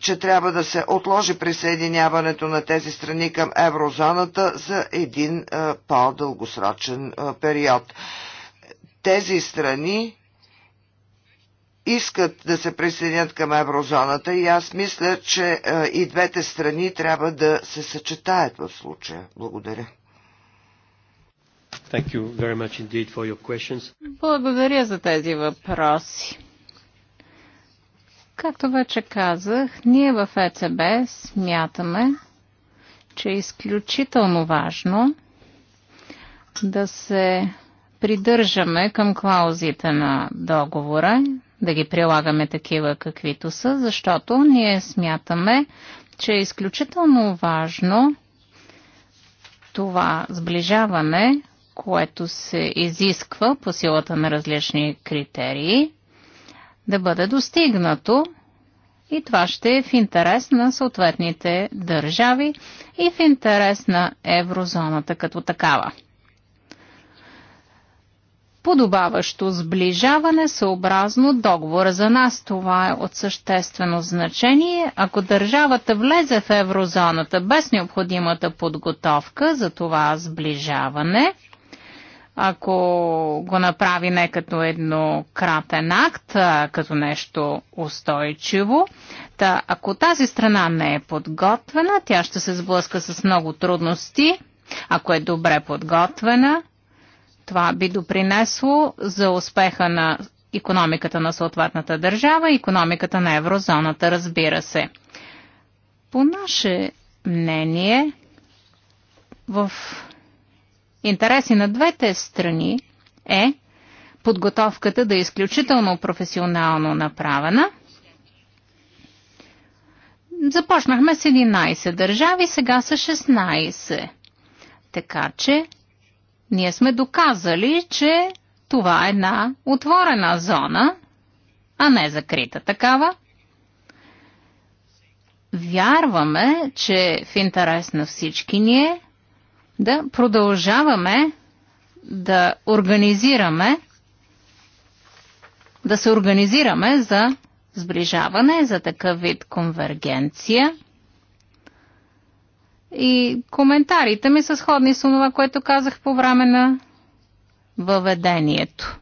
A: че трябва да се отложи присъединяването на тези страни към еврозоната за един по-дългосрочен период. Тези страни искат да се присъединят към еврозоната и аз мисля, че и двете страни трябва да се съчетаят в случая. Благодаря.
B: Благодаря за тези въпроси. Както вече казах, ние в ЕЦБ смятаме, че е изключително важно да се придържаме към клаузите на договора, да ги прилагаме такива каквито са, защото ние смятаме, че е изключително важно това сближаване, което се изисква по силата на различни критерии, да бъде достигнато и това ще е в интерес на съответните държави и в интерес на еврозоната като такава. Подобаващо сближаване съобразно договора. За нас това е от съществено значение. Ако държавата влезе в еврозоната без необходимата подготовка за това сближаване – ако го направи не като еднократен акт, а като нещо устойчиво. Та, ако тази страна не е подготвена, тя ще се сблъска с много трудности. Ако е добре подготвена, това би допринесло за успеха на економиката на съответната държава и економиката на еврозоната, разбира се. По наше мнение, в интереси на двете страни е подготовката да е изключително професионално направена. Започнахме с 11 държави, сега са 16. Така че ние сме доказали, че това е една отворена зона, а не закрита такава. Вярваме, че в интерес на всички ние да продължаваме да организираме, да се организираме за сближаване, за такъв вид конвергенция. И коментарите ми са сходни с това, което казах по време на въведението.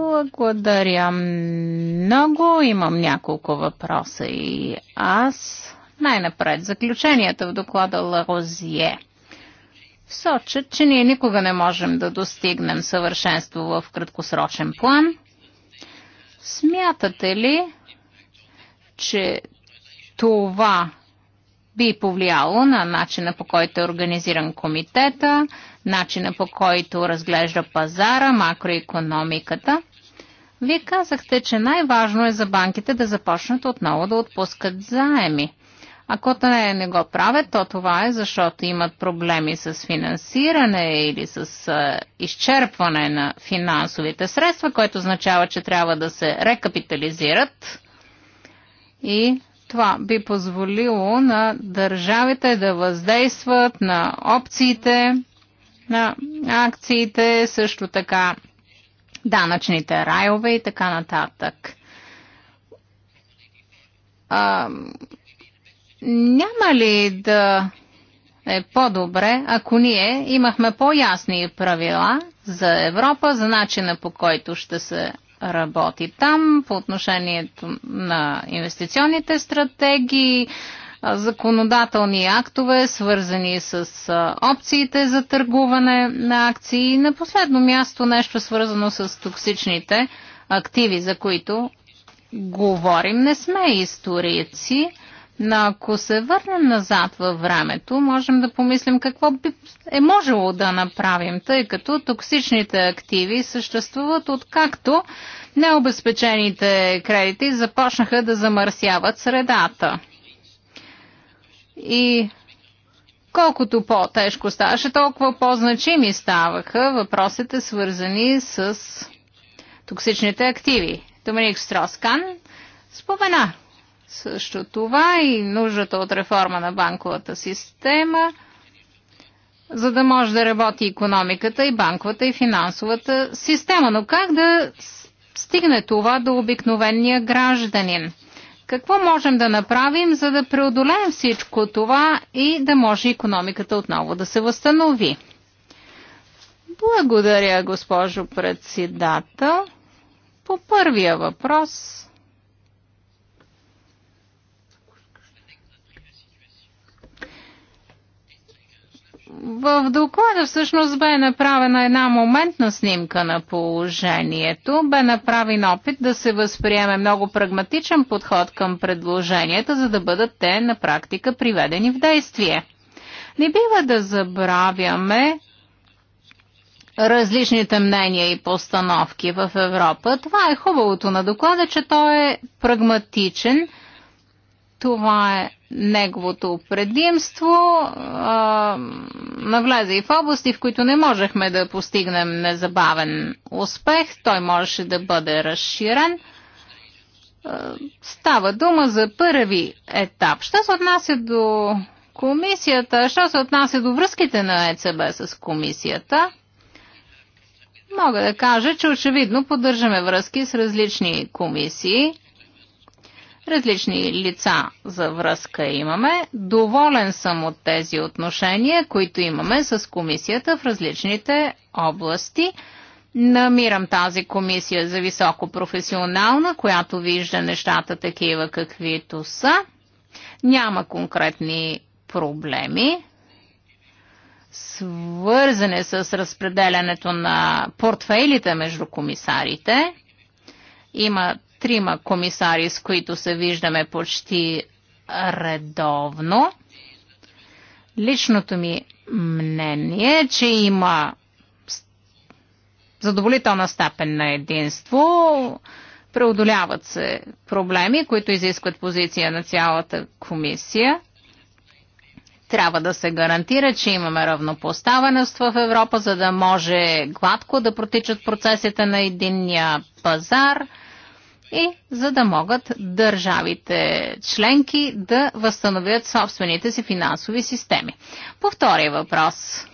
B: Благодаря много. Имам няколко въпроса и аз. Най-напред, заключенията в доклада Ларозие сочат, че ние никога не можем да достигнем съвършенство в краткосрочен план. Смятате ли, че това би повлияло на начина по който е организиран комитета, начина по който разглежда пазара, макроекономиката. Вие казахте, че най-важно е за банките да започнат отново да отпускат заеми. Ако те не го правят, то това е защото имат проблеми с финансиране или с изчерпване на финансовите средства, което означава, че трябва да се рекапитализират и това би позволило на държавите да въздействат на опциите, на акциите, също така данъчните райове и така нататък. А, няма ли да е по-добре, ако ние имахме по-ясни правила за Европа, за начина по който ще се работи там, по отношението на инвестиционните стратегии, законодателни актове, свързани с опциите за търгуване на акции и на последно място нещо свързано с токсичните активи, за които говорим. Не сме историци, но ако се върнем назад във времето, можем да помислим какво би е можело да направим, тъй като токсичните активи съществуват откакто необезпечените кредити започнаха да замърсяват средата. И колкото по-тежко ставаше, толкова по-значими ставаха въпросите свързани с токсичните активи. Доминик Строскан спомена също това и нуждата от реформа на банковата система, за да може да работи економиката и банковата и финансовата система. Но как да стигне това до обикновения гражданин? Какво можем да направим, за да преодолеем всичко това и да може економиката отново да се възстанови? Благодаря, госпожо председател. По първия въпрос в доклада всъщност бе направена една моментна снимка на положението. Бе направен опит да се възприеме много прагматичен подход към предложенията, за да бъдат те на практика приведени в действие. Не бива да забравяме различните мнения и постановки в Европа. Това е хубавото на доклада, че той е прагматичен – Това е неговото предимство. навлезе и в области, в които не можехме да постигнем незабавен успех. Той можеше да бъде разширен. става дума за първи етап. Що се отнася до комисията, що се отнася до връзките на ЕЦБ с комисията, мога да кажа, че очевидно поддържаме връзки с различни комисии Различни лица за връзка имаме. Доволен съм от тези отношения, които имаме с комисията в различните области. Намирам тази комисия за високо професионална, която вижда нещата такива каквито са. Няма конкретни проблеми, Свързане с разпределянето на портфейлите между комисарите. Има трима комисари, с които се виждаме почти редовно. Личното ми мнение е, че има задоволителна степен на единство. Преодоляват се проблеми, които изискват позиция на цялата комисия. Трябва да се гарантира, че имаме равнопоставеност в Европа, за да може гладко да протичат процесите на единния пазар – и за да могат държавите членки да възстановят собствените си финансови системи. По втория въпрос.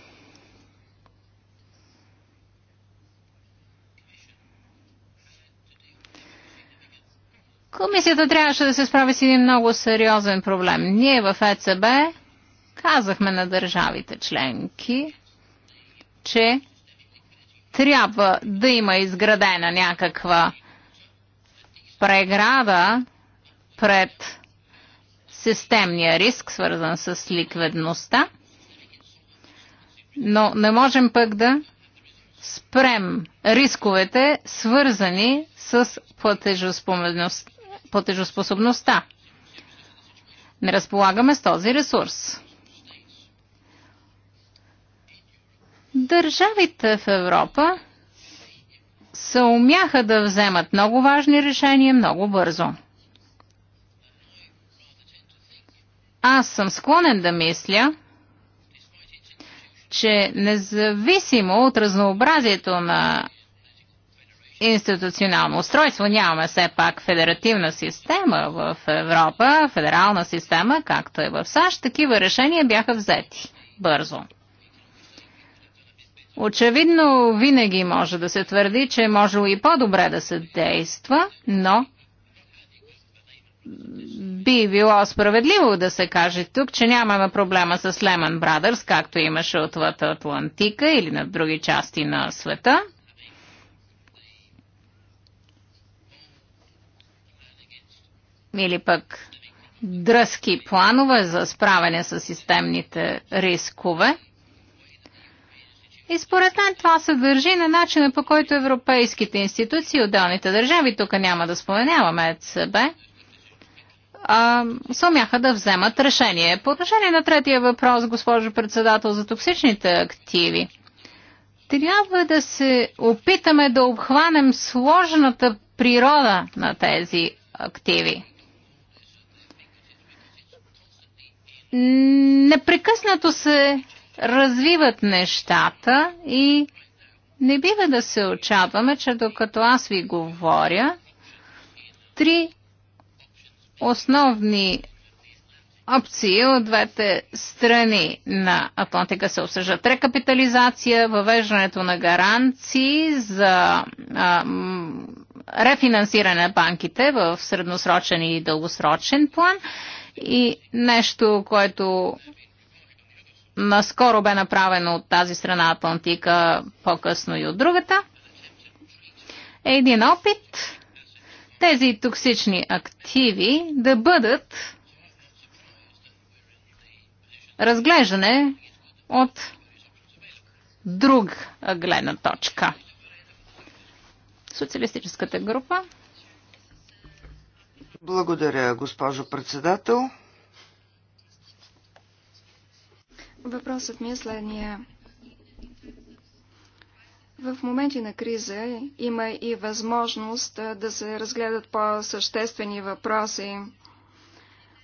B: Комисията трябваше да се справи с един много сериозен проблем. Ние в ЕЦБ казахме на държавите членки, че трябва да има изградена някаква преграда пред системния риск, свързан с ликвидността, но не можем пък да спрем рисковете, свързани с платежоспособността. Не разполагаме с този ресурс. Държавите в Европа се умяха да вземат много важни решения много бързо. Аз съм склонен да мисля, че независимо от разнообразието на институционално устройство, нямаме все пак федеративна система в Европа, федерална система, както е в САЩ, такива решения бяха взети бързо. Очевидно, винаги може да се твърди, че е можело и по-добре да се действа, но би било справедливо да се каже тук, че нямаме проблема с Леман Брадърс, както имаше отвъд Атлантика или на други части на света. Или пък дръзки планове за справяне с системните рискове – И според мен това се държи на начина по който европейските институции, отделните държави, тук няма да споменяваме ЕЦБ, сумяха да вземат решение. По отношение на третия въпрос, госпожо председател, за токсичните активи. Трябва да се опитаме да обхванем сложната природа на тези активи. Непрекъснато се развиват нещата и не бива да се очакваме, че докато аз ви говоря, три основни опции от двете страни на Атлантика се обсъждат. Рекапитализация, въвеждането на гаранции за а, рефинансиране на банките в средносрочен и дългосрочен план и нещо, което наскоро бе направено от тази страна Атлантика, по-късно и от другата, е един опит тези токсични активи да бъдат разглеждане от друг гледна точка. Социалистическата група.
A: Благодаря, госпожо председател.
C: Въпросът ми е следния. В моменти на криза има и възможност да се разгледат по-съществени въпроси,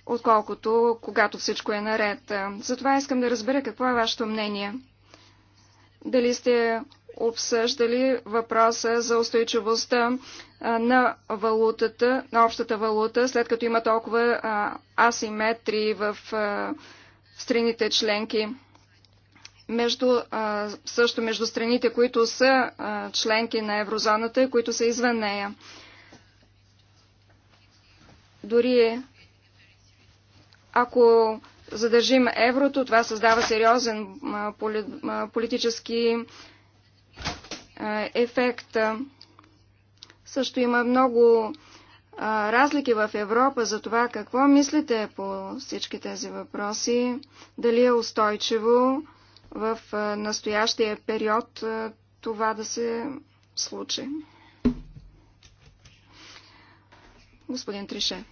C: отколкото когато всичко е наред. Затова искам да разбера какво е вашето мнение. Дали сте обсъждали въпроса за устойчивостта на валутата, на общата валута, след като има толкова асиметрии в а, страните членки. Между, а, също между страните, които са а, членки на еврозоната и които са извън нея. Дори ако задържим еврото, това създава сериозен политически ефект. Също има много разлики в Европа за това какво мислите по всички тези въпроси, дали е устойчиво в настоящия период това да се случи. Господин Трише,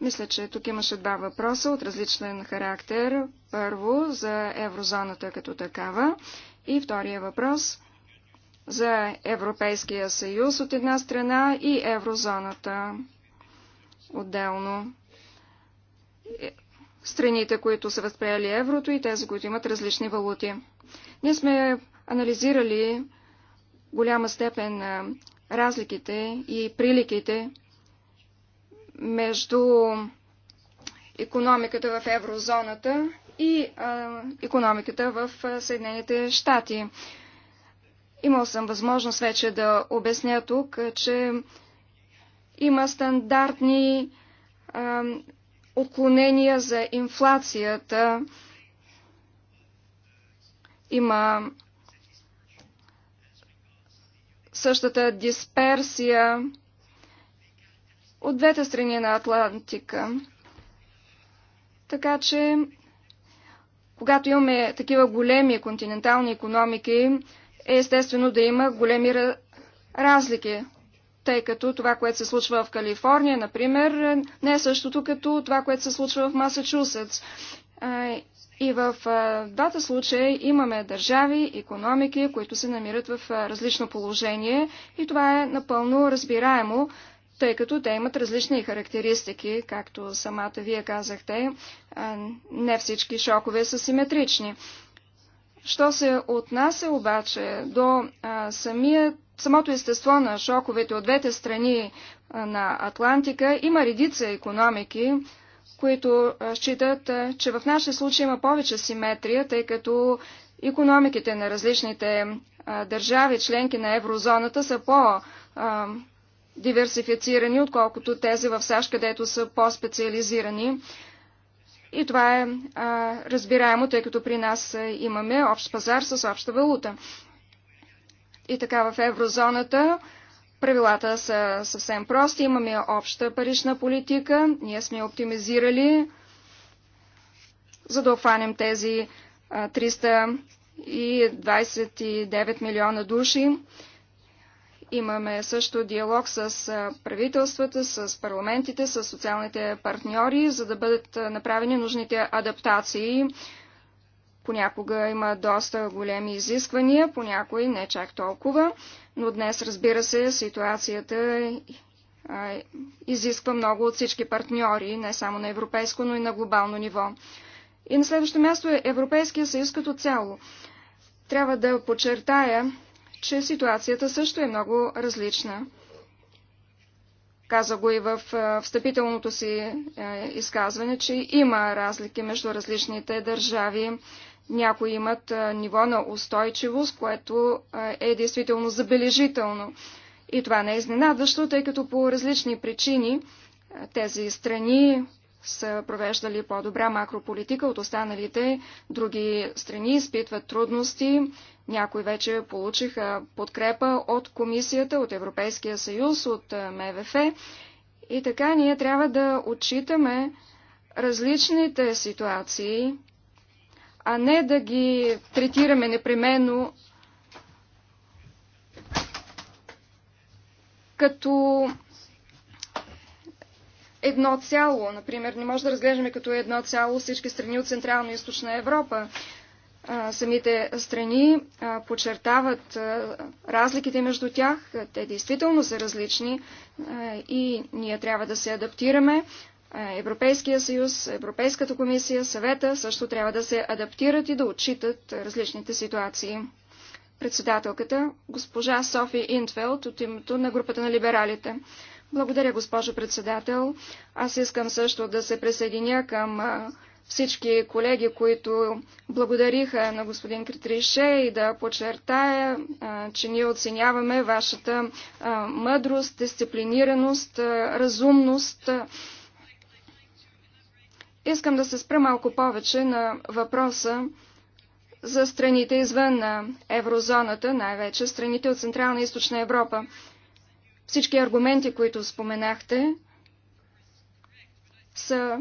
C: мисля, че тук имаше два въпроса от различен характер. Първо за еврозоната като такава и втория въпрос за Европейския съюз от една страна и еврозоната отделно страните, които са възприели еврото и тези, които имат различни валути. Ние сме анализирали голяма степен разликите и приликите между економиката в еврозоната и а, економиката в Съединените щати. Имал съм възможност вече да обясня тук, че Има стандартни а, уклонения за инфлацията. Има същата дисперсия от двете страни на Атлантика. Така че, когато имаме такива големи континентални економики, е естествено да има големи разлики тъй като това, което се случва в Калифорния, например, не е същото като това, което се случва в Масачусетс. И в двата случая имаме държави, економики, които се намират в различно положение и това е напълно разбираемо, тъй като те имат различни характеристики, както самата вие казахте, не всички шокове са симетрични. Що се отнася обаче до самият самото естество на шоковете от двете страни на Атлантика има редица економики, които считат, че в нашия случай има повече симетрия, тъй като економиките на различните държави, членки на еврозоната, са по-диверсифицирани, отколкото тези в САЩ, където са по-специализирани. И това е разбираемо, тъй като при нас имаме общ пазар с обща валута. И така в еврозоната правилата са съвсем прости. Имаме обща парична политика. Ние сме оптимизирали, за да обхванем тези 329 милиона души. Имаме също диалог с правителствата, с парламентите, с социалните партньори, за да бъдат направени нужните адаптации Понякога има доста големи изисквания, понякога не чак толкова, но днес, разбира се, ситуацията изисква много от всички партньори, не само на европейско, но и на глобално ниво. И на следващо място е Европейския съюз като цяло. Трябва да подчертая, че ситуацията също е много различна. Каза го и в встъпителното си изказване, че има разлики между различните държави. Някои имат ниво на устойчивост, което е действително забележително. И това не е изненадващо, тъй като по различни причини тези страни са провеждали по-добра макрополитика от останалите. Други страни изпитват трудности. Някои вече получиха подкрепа от Комисията, от Европейския съюз, от МВФ. И така ние трябва да отчитаме различните ситуации а не да ги третираме непременно като едно цяло. Например, не може да разглеждаме като едно цяло всички страни от Централна и Източна Европа. А, самите страни а, подчертават а, разликите между тях. Те действително са различни и ние трябва да се адаптираме Европейския съюз, Европейската комисия, съвета също трябва да се адаптират и да отчитат различните ситуации. Председателката, госпожа Софи Интфелд от името на групата на либералите. Благодаря, госпожо председател. Аз искам също да се присъединя към всички колеги, които благодариха на господин Критрише и да подчертая, че ние оценяваме вашата мъдрост, дисциплинираност, разумност, Искам да се спра малко повече на въпроса за страните извън на еврозоната, най-вече страните от Централна и Източна Европа. Всички аргументи, които споменахте, са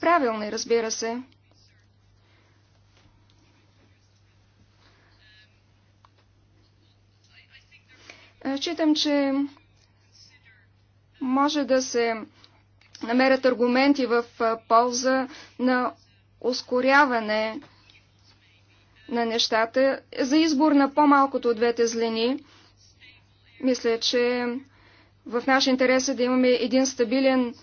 C: правилни, разбира се. Считам, че може да се намерят аргументи в полза на ускоряване на нещата за избор на по-малкото от двете злини. Мисля, че в наш интерес е да имаме един стабилен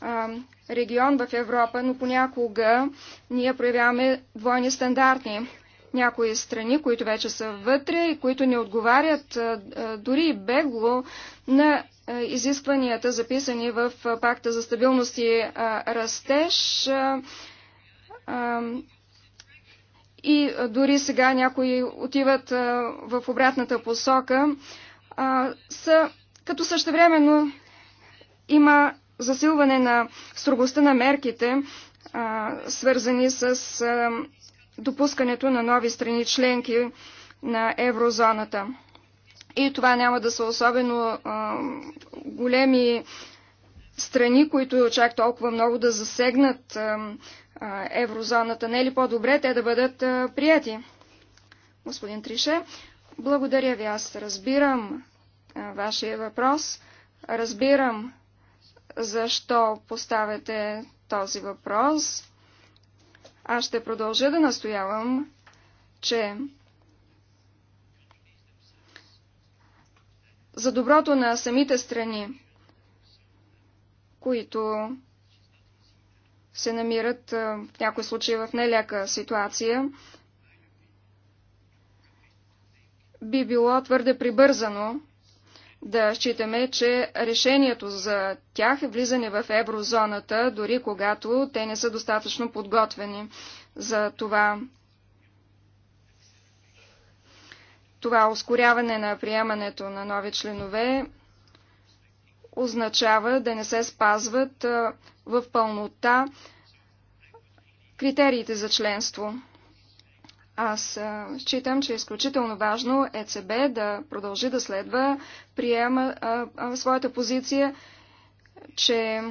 C: а, регион в Европа, но понякога ние проявяваме двойни стандарти. Някои страни, които вече са вътре и които не отговарят а, а, дори бегло на изискванията, записани в пакта за стабилност и растеж. И дори сега някои отиват в обратната посока, са, като същевременно има засилване на строгостта на мерките, свързани с допускането на нови страни членки на еврозоната. И това няма да са особено а, големи страни, които чак толкова много да засегнат а, а, еврозоната. Не е ли по-добре те да бъдат а, прияти? Господин Трише, благодаря ви. Аз разбирам а, вашия въпрос. Разбирам защо поставяте този въпрос. Аз ще продължа да настоявам, че за доброто на самите страни, които се намират в някои случаи в нелека ситуация, би било твърде прибързано да считаме, че решението за тях е влизане в еврозоната, дори когато те не са достатъчно подготвени за това. това ускоряване на приемането на нови членове означава да не се спазват в пълнота критериите за членство. Аз считам, че е изключително важно ЕЦБ да продължи да следва приема а, а, своята позиция, че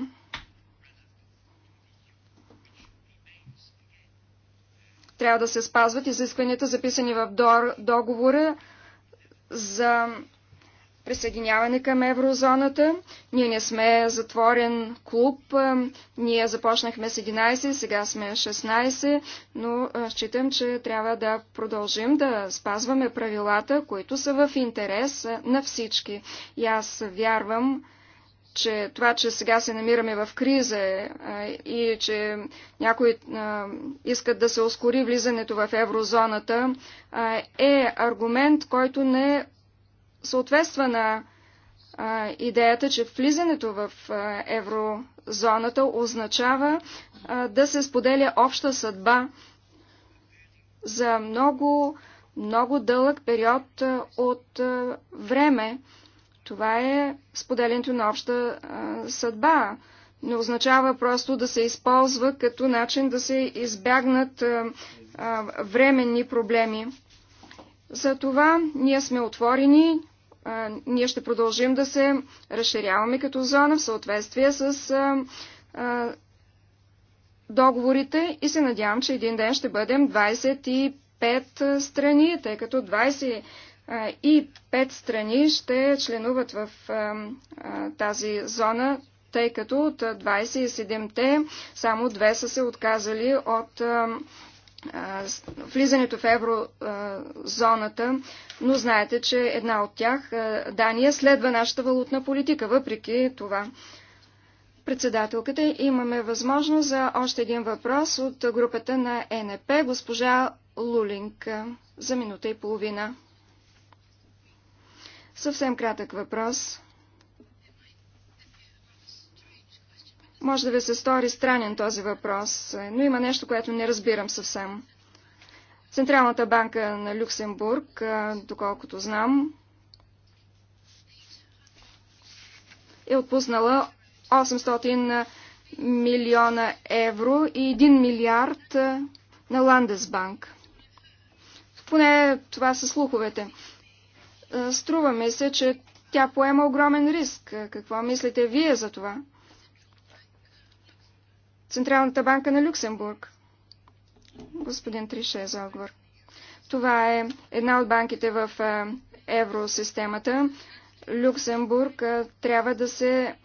C: Трябва да се спазват изискванията, записани в договора за присъединяване към еврозоната. Ние не сме затворен клуб. Ние започнахме с 11, сега сме 16, но считам, че трябва да продължим да спазваме правилата, които са в интерес на всички. И аз вярвам, че това, че сега се намираме в криза и че някои искат да се ускори влизането в еврозоната, е аргумент, който не съответства на идеята, че влизането в еврозоната означава да се споделя обща съдба за много, много дълъг период от време. Това е споделянето на обща а, съдба. Не означава просто да се използва като начин да се избягнат а, а, временни проблеми. Затова ние сме отворени, а, ние ще продължим да се разширяваме като зона в съответствие с а, а, договорите и се надявам, че един ден ще бъдем 25 страни, тъй като 20 и пет страни ще членуват в тази зона, тъй като от 27-те само две са се отказали от влизането в еврозоната, но знаете, че една от тях, Дания, следва нашата валутна политика, въпреки това. Председателката, имаме възможност за още един въпрос от групата на НП, госпожа Лулинг, за минута и половина. Съвсем кратък въпрос. Може да ви се стори странен този въпрос, но има нещо, което не разбирам съвсем. Централната банка на Люксембург, доколкото знам, е отпуснала 800 милиона евро и 1 милиард на Ландесбанк. Поне това са слуховете. Струва ми се, че тя поема огромен риск. Какво мислите вие за това? Централната банка на Люксембург. Господин Трише за отговор. Това е една от банките в евросистемата. Люксембург трябва да се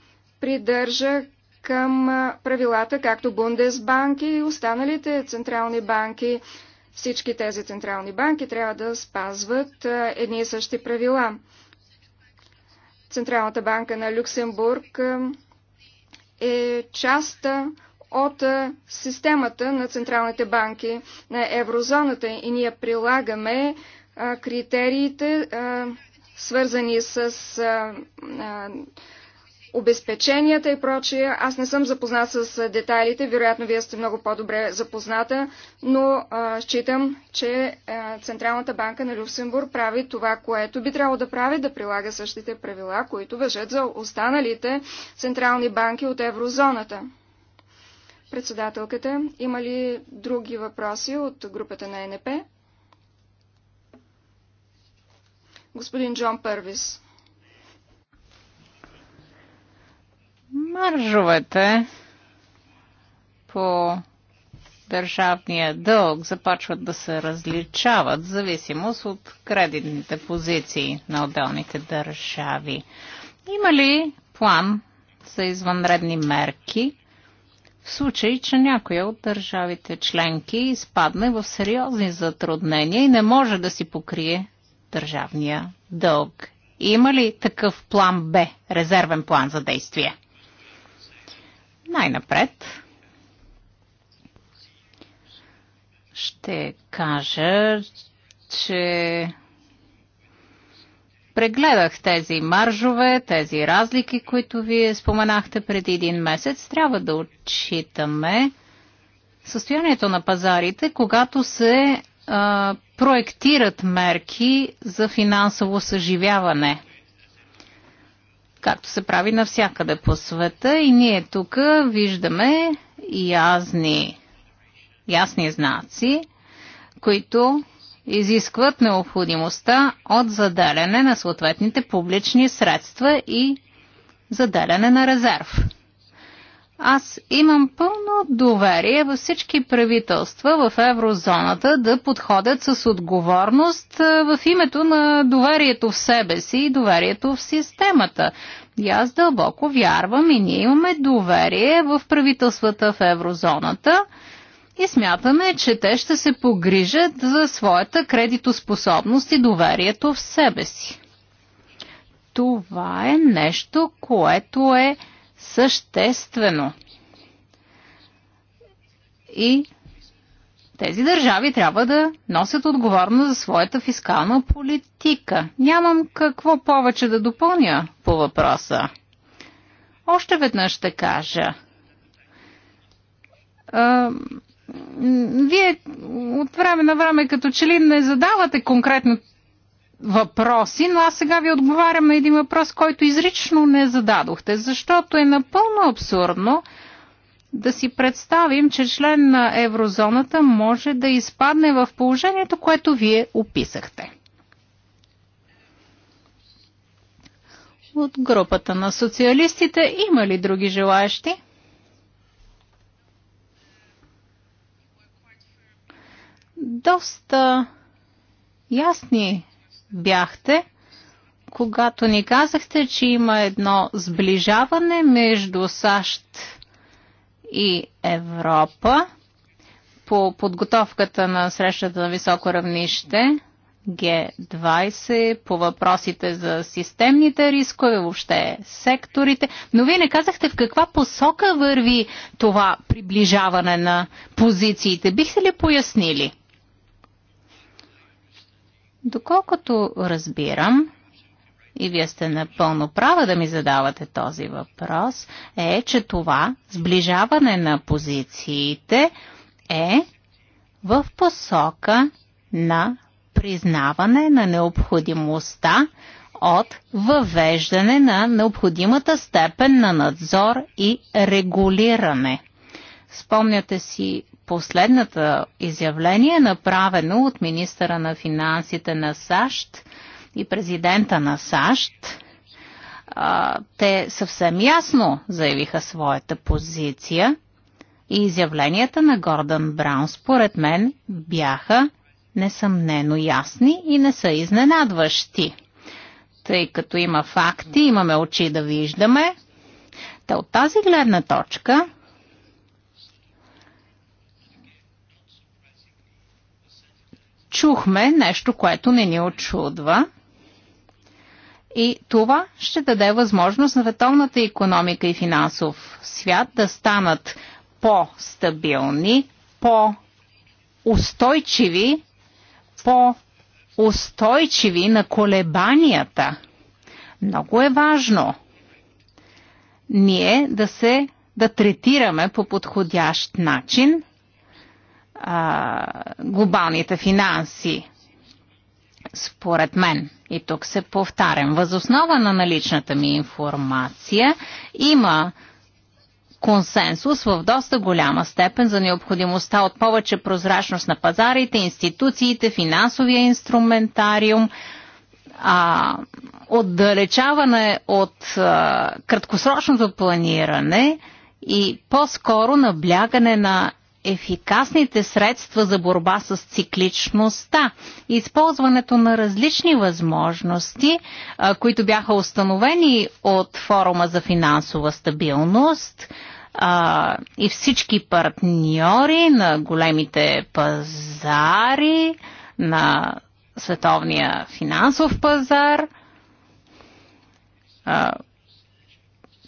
C: придържа към правилата, както Бундесбанк и останалите централни банки. Всички тези централни банки трябва да спазват едни и същи правила. Централната банка на Люксембург е част от системата на централните банки на еврозоната и ние прилагаме критериите, свързани с обезпеченията и прочие. Аз не съм запознат с детайлите, вероятно вие сте много по-добре запозната, но а, считам, че а, Централната банка на Люксембург прави това, което би трябвало да прави, да прилага същите правила, които въжат за останалите централни банки от еврозоната. Председателката, има ли други въпроси от групата на НП? Господин Джон Първис.
B: Маржовете по държавния дълг започват да се различават в зависимост от кредитните позиции на отделните държави. Има ли план за извънредни мерки в случай, че някоя от държавите членки изпадне в сериозни затруднения и не може да си покрие държавния дълг? Има ли такъв план Б, резервен план за действие? Най-напред ще кажа, че прегледах тези маржове, тези разлики, които вие споменахте преди един месец. Трябва да отчитаме състоянието на пазарите, когато се а, проектират мерки за финансово съживяване както се прави навсякъде по света. И ние тук виждаме ясни, ясни знаци, които изискват необходимостта от заделяне на съответните публични средства и заделяне на резерв. Аз имам пълно доверие във всички правителства в еврозоната да подходят с отговорност в името на доверието в себе си и доверието в системата. И аз дълбоко вярвам и ние имаме доверие в правителствата в еврозоната и смятаме, че те ще се погрижат за своята кредитоспособност и доверието в себе си. Това е нещо, което е съществено. И тези държави трябва да носят отговорност за своята фискална политика. Нямам какво повече да допълня по въпроса. Още веднъж ще кажа. А, вие от време на време като че ли не задавате конкретно въпроси, но аз сега ви отговарям на един въпрос, който изрично не зададохте, защото е напълно абсурдно да си представим, че член на еврозоната може да изпадне в положението, което вие описахте. От групата на социалистите има ли други желаящи? Доста ясни бяхте, когато ни казахте, че има едно сближаване между САЩ и Европа по подготовката на срещата на високо равнище Г20, по въпросите за системните рискове, въобще секторите. Но вие не казахте в каква посока върви това приближаване на позициите. Бихте ли пояснили? Доколкото разбирам, и вие сте напълно права да ми задавате този въпрос, е, че това сближаване на позициите е в посока на признаване на необходимостта от въвеждане на необходимата степен на надзор и регулиране. Спомняте си последната изявление, направено от министъра на финансите на САЩ и президента на САЩ. Те съвсем ясно заявиха своята позиция и изявленията на Гордън Браун според мен бяха несъмнено ясни и не са изненадващи. Тъй като има факти, имаме очи да виждаме, Та от тази гледна точка чухме нещо, което не ни очудва. И това ще даде възможност на световната економика и финансов свят да станат по-стабилни, по-устойчиви, по-устойчиви на колебанията. Много е важно ние да се да третираме по подходящ начин глобалните финанси, според мен. И тук се повтарям. Възоснова на наличната ми информация има консенсус в доста голяма степен за необходимостта от повече прозрачност на пазарите, институциите, финансовия инструментариум, а, отдалечаване от а, краткосрочното планиране и по-скоро наблягане на ефикасните средства за борба с цикличността. Използването на различни възможности, които бяха установени от форума за финансова стабилност, и всички партньори на големите пазари, на световния финансов пазар,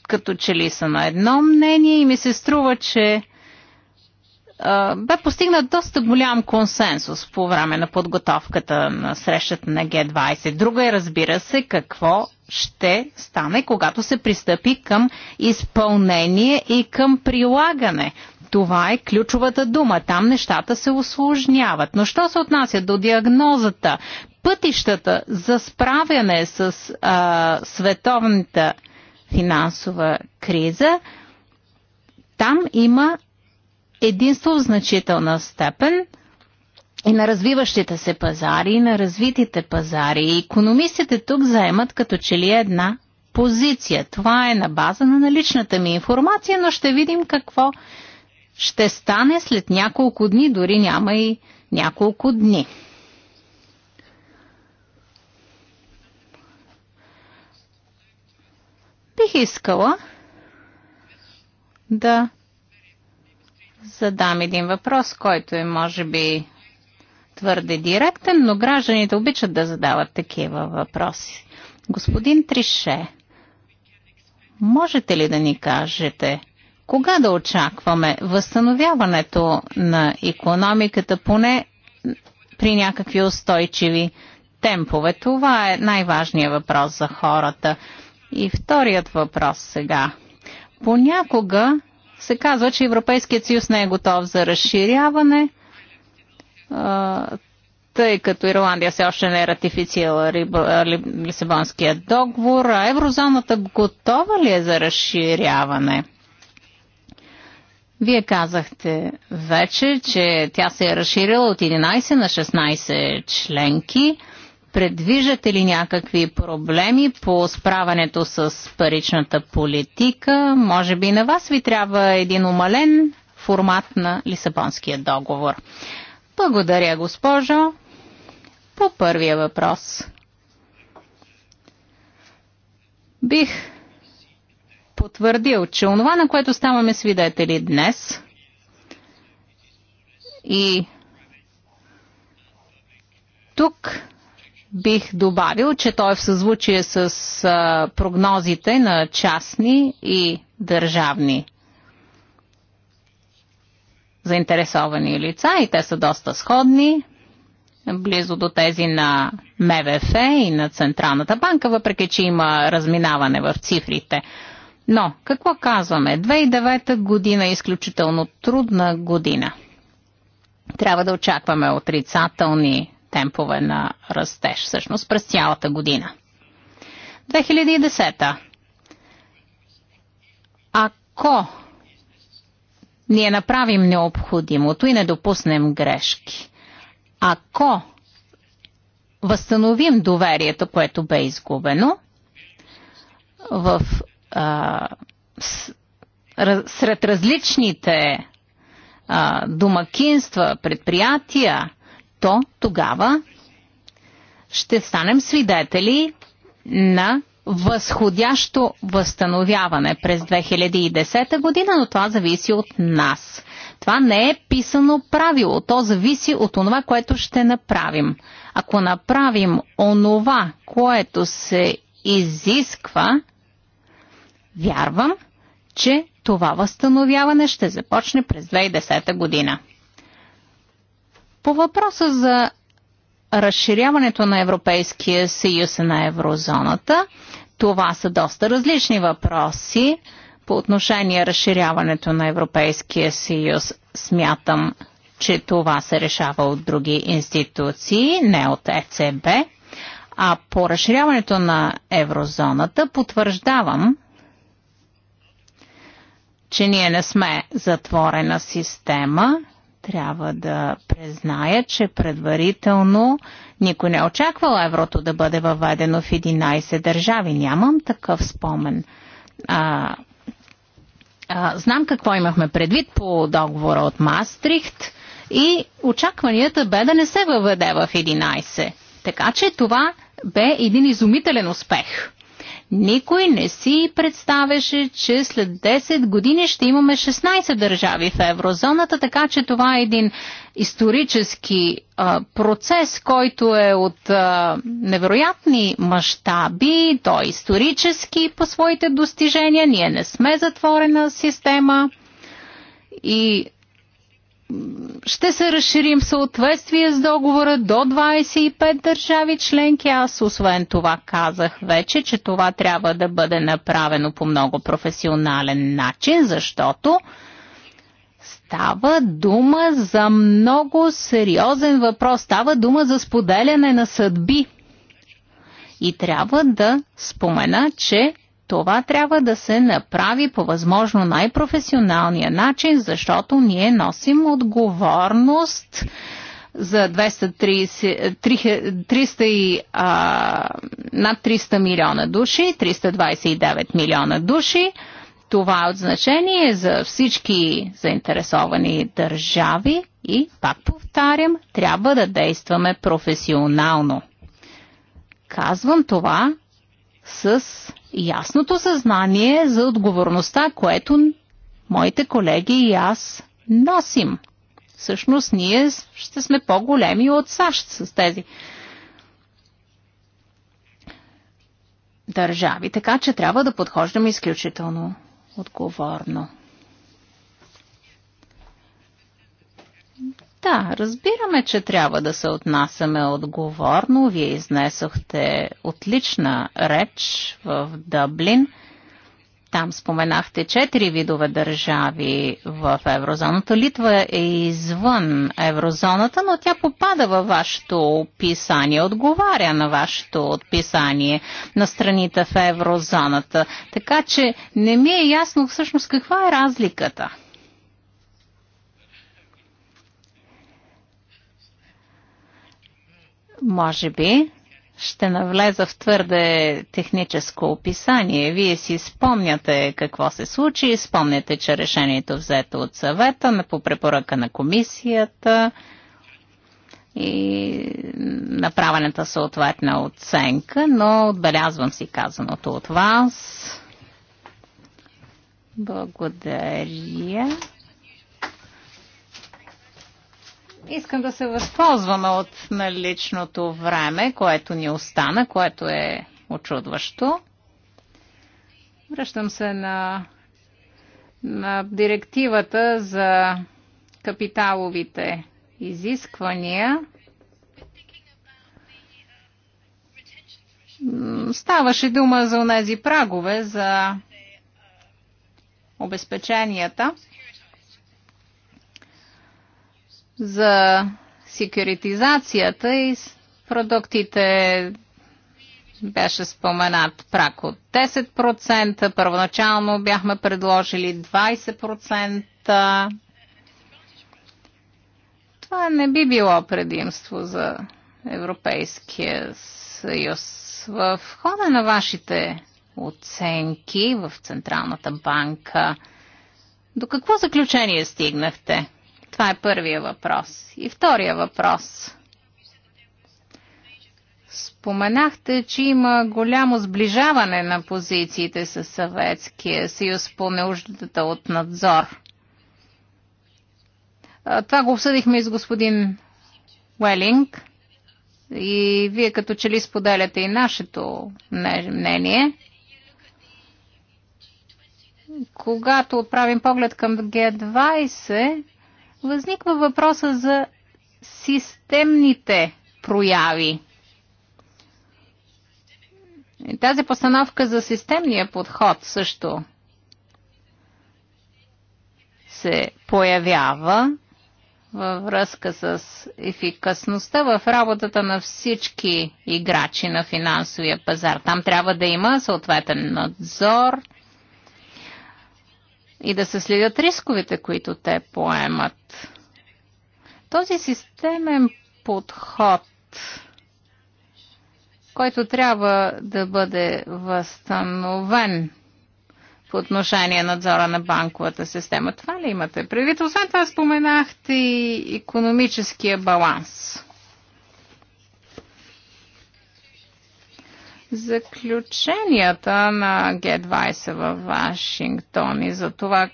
B: като че ли са на едно мнение и ми се струва, че бе постигнат доста голям консенсус по време на подготовката на срещата на Г-20. Друга е, разбира се, какво ще стане, когато се пристъпи към изпълнение и към прилагане. Това е ключовата дума. Там нещата се осложняват. Но що се отнася до диагнозата, пътищата за справяне с а, световната финансова криза, там има единство в значителна степен и на развиващите се пазари, и на развитите пазари. И економистите тук заемат като че ли една позиция. Това е на база на наличната ми информация, но ще видим какво ще стане след няколко дни, дори няма и няколко дни. Бих искала да задам един въпрос, който е, може би, твърде директен, но гражданите обичат да задават такива въпроси. Господин Трише, можете ли да ни кажете, кога да очакваме възстановяването на економиката, поне при някакви устойчиви темпове? Това е най-важният въпрос за хората. И вторият въпрос сега. Понякога се казва, че Европейският съюз не е готов за разширяване, тъй като Ирландия все още не е ратифицирала Лисабонския договор, а еврозоната готова ли е за разширяване? Вие казахте вече, че тя се е разширила от 11 на 16 членки. Предвиждате ли някакви проблеми по справането с паричната политика? Може би и на вас ви трябва един умален формат на Лисабонския договор. Благодаря, госпожо. По първия въпрос. Бих потвърдил, че онова, на което ставаме свидетели днес и тук бих добавил, че той е в съзвучие с прогнозите на частни и държавни заинтересовани лица и те са доста сходни, близо до тези на МВФ и на Централната банка, въпреки че има разминаване в цифрите. Но, какво казваме? 2009 година е изключително трудна година. Трябва да очакваме отрицателни темпове на растеж, всъщност през цялата година. 2010. та Ако ние направим необходимото и не допуснем грешки, ако възстановим доверието, което бе изгубено в, а, с, раз, сред различните а, домакинства, предприятия, то тогава ще станем свидетели на възходящо възстановяване през 2010 година, но това зависи от нас. Това не е писано правило, то зависи от това, което ще направим. Ако направим онова, което се изисква, вярвам, че това възстановяване ще започне през 2010 година. По въпроса за разширяването на Европейския съюз и на еврозоната, това са доста различни въпроси. По отношение разширяването на Европейския съюз, смятам, че това се решава от други институции, не от ЕЦБ. А по разширяването на еврозоната потвърждавам, че ние не сме затворена система трябва да призная, че предварително никой не е очаквал еврото да бъде въведено в 11 държави. Нямам такъв спомен. А, а, знам какво имахме предвид по договора от Мастрихт и очакванията бе да не се въведе в 11. Така че това бе един изумителен успех. Никой не си представеше, че след 10 години ще имаме 16 държави в еврозоната, така че това е един исторически а, процес, който е от а, невероятни мащаби, то е исторически по своите достижения, ние не сме затворена система и ще се разширим в съответствие с договора до 25 държави членки. Аз освен това казах вече, че това трябва да бъде направено по много професионален начин, защото става дума за много сериозен въпрос. Става дума за споделяне на съдби. И трябва да спомена, че Това трябва да се направи по възможно най-професионалния начин, защото ние носим отговорност за 230, над 300 милиона души, 329 милиона души. Това е от значение за всички заинтересовани държави и, пак повтарям, трябва да действаме професионално. Казвам това с ясното съзнание за отговорността, което моите колеги и аз носим. Всъщност ние ще сме по-големи от САЩ с тези държави, така че трябва да подхождаме изключително отговорно. Да, разбираме, че трябва да се отнасяме отговорно. Вие изнесохте отлична реч в Дъблин. Там споменахте четири видове държави в еврозоната. Литва е извън еврозоната, но тя попада във вашето описание, отговаря на вашето описание на страните в еврозоната. Така че не ми е ясно всъщност каква е разликата. Може би ще навлеза в твърде техническо описание. Вие си спомняте какво се случи, спомняте, че решението взето от съвета на по препоръка на комисията и направената съответна оценка, но отбелязвам си казаното от вас. Благодаря. Искам да се възползваме от наличното време, което ни остана, което е очудващо. Връщам се на, на директивата за капиталовите изисквания. Ставаше дума за тези прагове за обезпеченията. за секюритизацията и продуктите беше споменат прак от 10%, първоначално бяхме предложили 20%. Това не би било предимство за Европейския съюз. В хода на вашите оценки в Централната банка, до какво заключение стигнахте? Това е първия въпрос. И втория въпрос. Споменахте, че има голямо сближаване на позициите с Съветския съюз по неуждата от надзор. Това го обсъдихме и с господин Уелинг. И вие като че ли споделяте и нашето мнение. Когато отправим поглед към Г20, възниква въпроса за системните прояви. И тази постановка за системния подход също се появява във връзка с ефикасността в работата на всички играчи на финансовия пазар. Там трябва да има съответен надзор – и да се следят рисковете, които те поемат. Този системен подход, който трябва да бъде възстановен по отношение надзора на банковата система. Това ли имате предвид? Освен това споменахте и економическия баланс. заключенията на Г-20 във Вашингтон и за това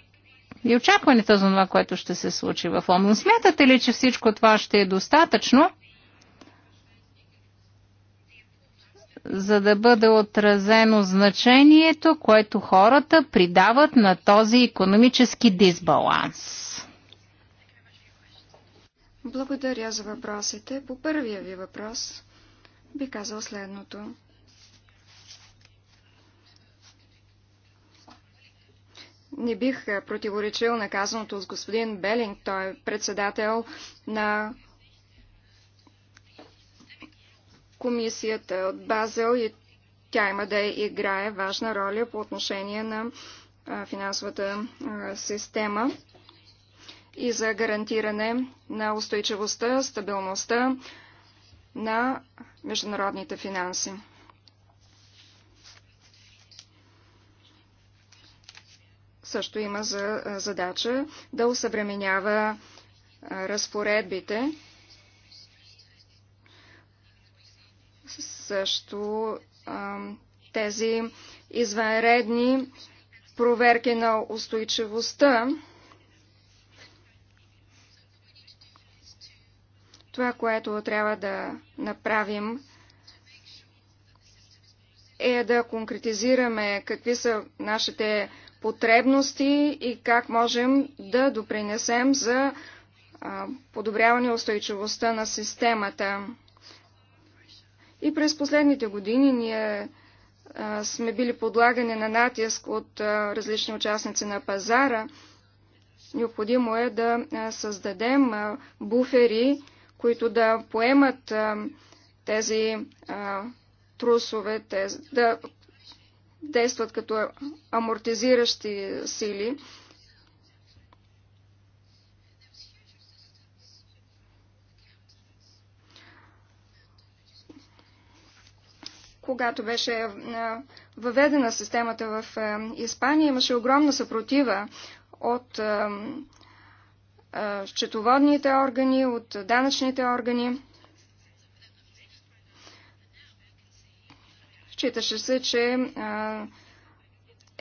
B: и очакването за това, което ще се случи в Лондон. Смятате ли, че всичко това ще е достатъчно, за да бъде отразено значението, което хората придават на този економически дисбаланс?
C: Благодаря за въпросите. По първия ви въпрос би казал следното. не бих противоречил на казаното с господин Белинг. Той е председател на комисията от Базел и тя има да играе важна роля по отношение на финансовата система и за гарантиране на устойчивостта, стабилността на международните финанси. също има за задача да усъвременява разпоредбите. Също тези извънредни проверки на устойчивостта. Това, което трябва да направим, е да конкретизираме какви са нашите потребности и как можем да допринесем за подобряване устойчивостта на системата. И през последните години ние сме били подлагани на натиск от различни участници на пазара. Необходимо е да създадем буфери, които да поемат тези трусове, тези, да действат като амортизиращи сили. Когато беше въведена системата в Испания, имаше огромна съпротива от счетоводните органи, от данъчните органи. Считаше се, че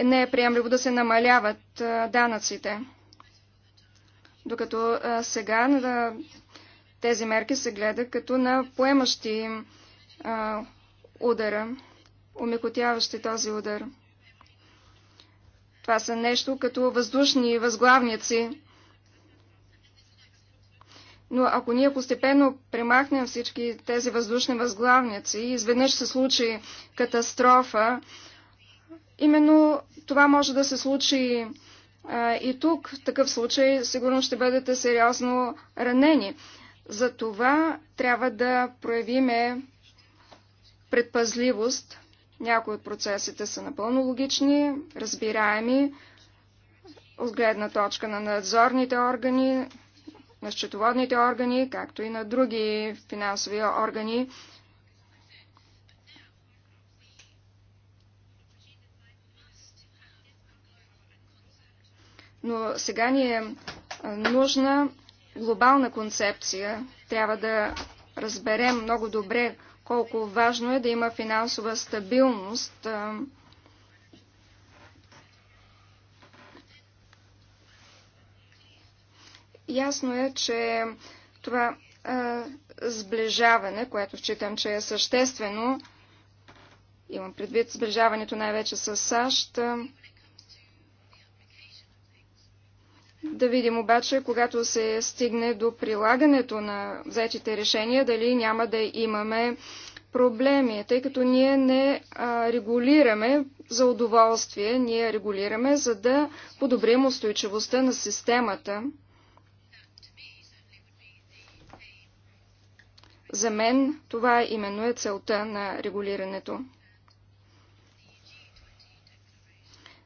C: не е приемливо да се намаляват данъците. Докато сега тези мерки се гледат като на поемащи удара, умекотяващи този удар. Това са нещо като въздушни възглавници. Но ако ние постепенно премахнем всички тези въздушни възглавници и изведнъж се случи катастрофа, именно това може да се случи а, и тук. В такъв случай сигурно ще бъдете сериозно ранени. За това трябва да проявиме предпазливост. Някои от процесите са напълно логични, разбираеми, от гледна точка на надзорните органи, на счетоводните органи, както и на други финансови органи. Но сега ни е нужна глобална концепция. Трябва да разберем много добре колко важно е да има финансова стабилност Ясно е, че това а, сближаване, което считам, че е съществено, имам предвид сближаването най-вече с САЩ, да видим обаче, когато се стигне до прилагането на взетите решения, дали няма да имаме проблеми, тъй като ние не а, регулираме за удоволствие, ние регулираме за да подобрим устойчивостта на системата. За мен това именно е целта на регулирането.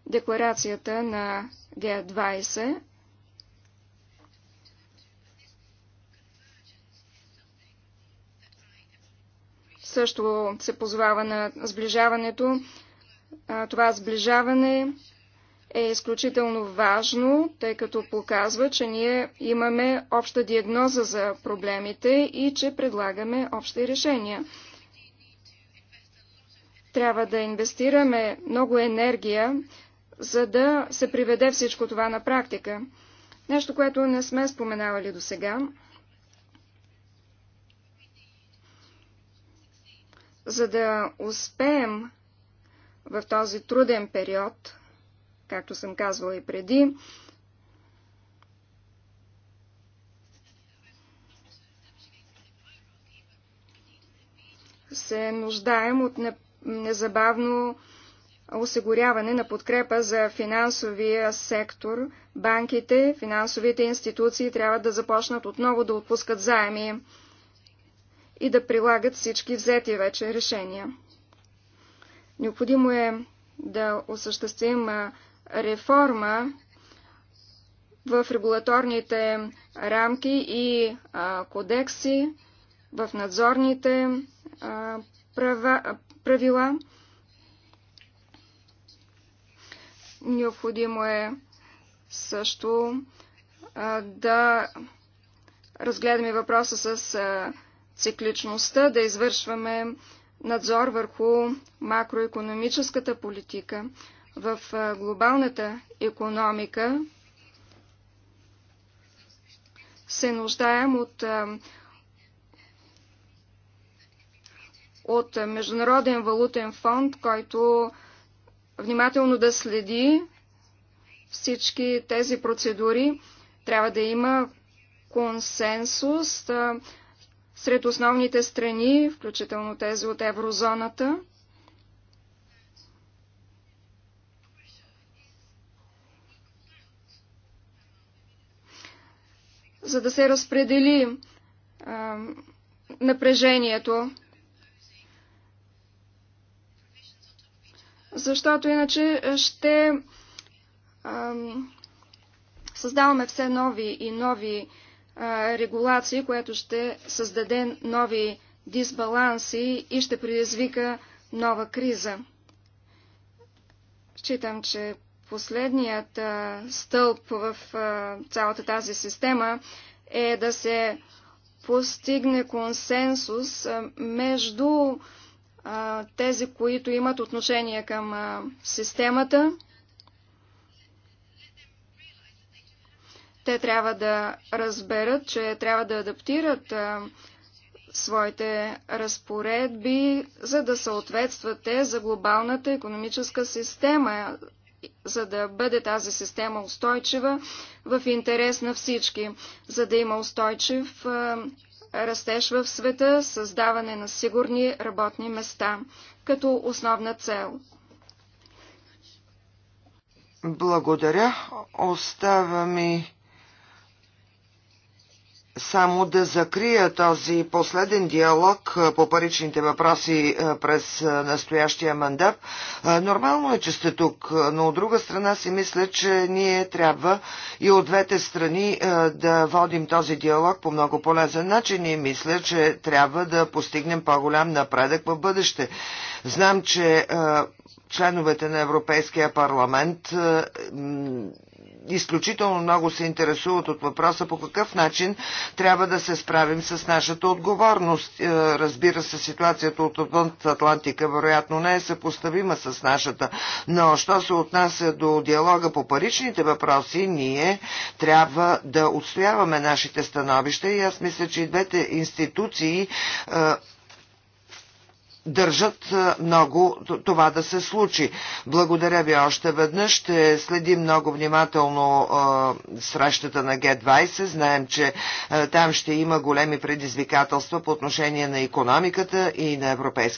C: Декларацията на Г20 също се позвава на сближаването. Това сближаване е изключително важно, тъй като показва, че ние имаме обща диагноза за проблемите и че предлагаме общи решения. Трябва да инвестираме много енергия, за да се приведе всичко това на практика. Нещо, което не сме споменавали до сега. За да успеем в този труден период – както съм казвала и преди. Се нуждаем от незабавно осигуряване на подкрепа за финансовия сектор. Банките, финансовите институции трябва да започнат отново да отпускат заеми и да прилагат всички взети вече решения. Необходимо е да осъществим реформа в регулаторните рамки и а, кодекси, в надзорните а, права, правила. Необходимо е също а, да разгледаме въпроса с а, цикличността, да извършваме надзор върху макроекономическата политика в глобалната економика се нуждаем от, от Международен валутен фонд, който внимателно да следи всички тези процедури. Трябва да има консенсус сред основните страни, включително тези от еврозоната. за да се разпредели а, напрежението. Защото иначе ще а, създаваме все нови и нови а, регулации, което ще създаде нови дисбаланси и ще предизвика нова криза. Считам, че Последният а, стълб в а, цялата тази система е да се постигне консенсус а, между а, тези, които имат отношение към а, системата. Те трябва да разберат, че трябва да адаптират а, своите разпоредби, за да съответстват те за глобалната економическа система, за да бъде тази система устойчива в интерес на всички, за да има устойчив растеж в света, създаване на сигурни работни места като основна цел.
A: Благодаря. Остава ми само да закрия този последен диалог по паричните въпроси през настоящия мандат. Нормално е, че сте тук, но от друга страна си мисля, че ние трябва и от двете страни да водим този диалог по много полезен начин и мисля, че трябва да постигнем по-голям напредък в бъдеще. Знам, че членовете на Европейския парламент изключително много се интересуват от въпроса по какъв начин трябва да се справим с нашата отговорност. Разбира се, ситуацията от отвън Атлантика вероятно не е съпоставима с нашата, но що се отнася до диалога по паричните въпроси, ние трябва да отстояваме нашите становища и аз мисля, че и двете институции държат много това да се случи. Благодаря ви още веднъж. Ще следим много внимателно е, срещата на Г-20. Знаем, че е, там ще има големи предизвикателства по отношение на економиката и на европейския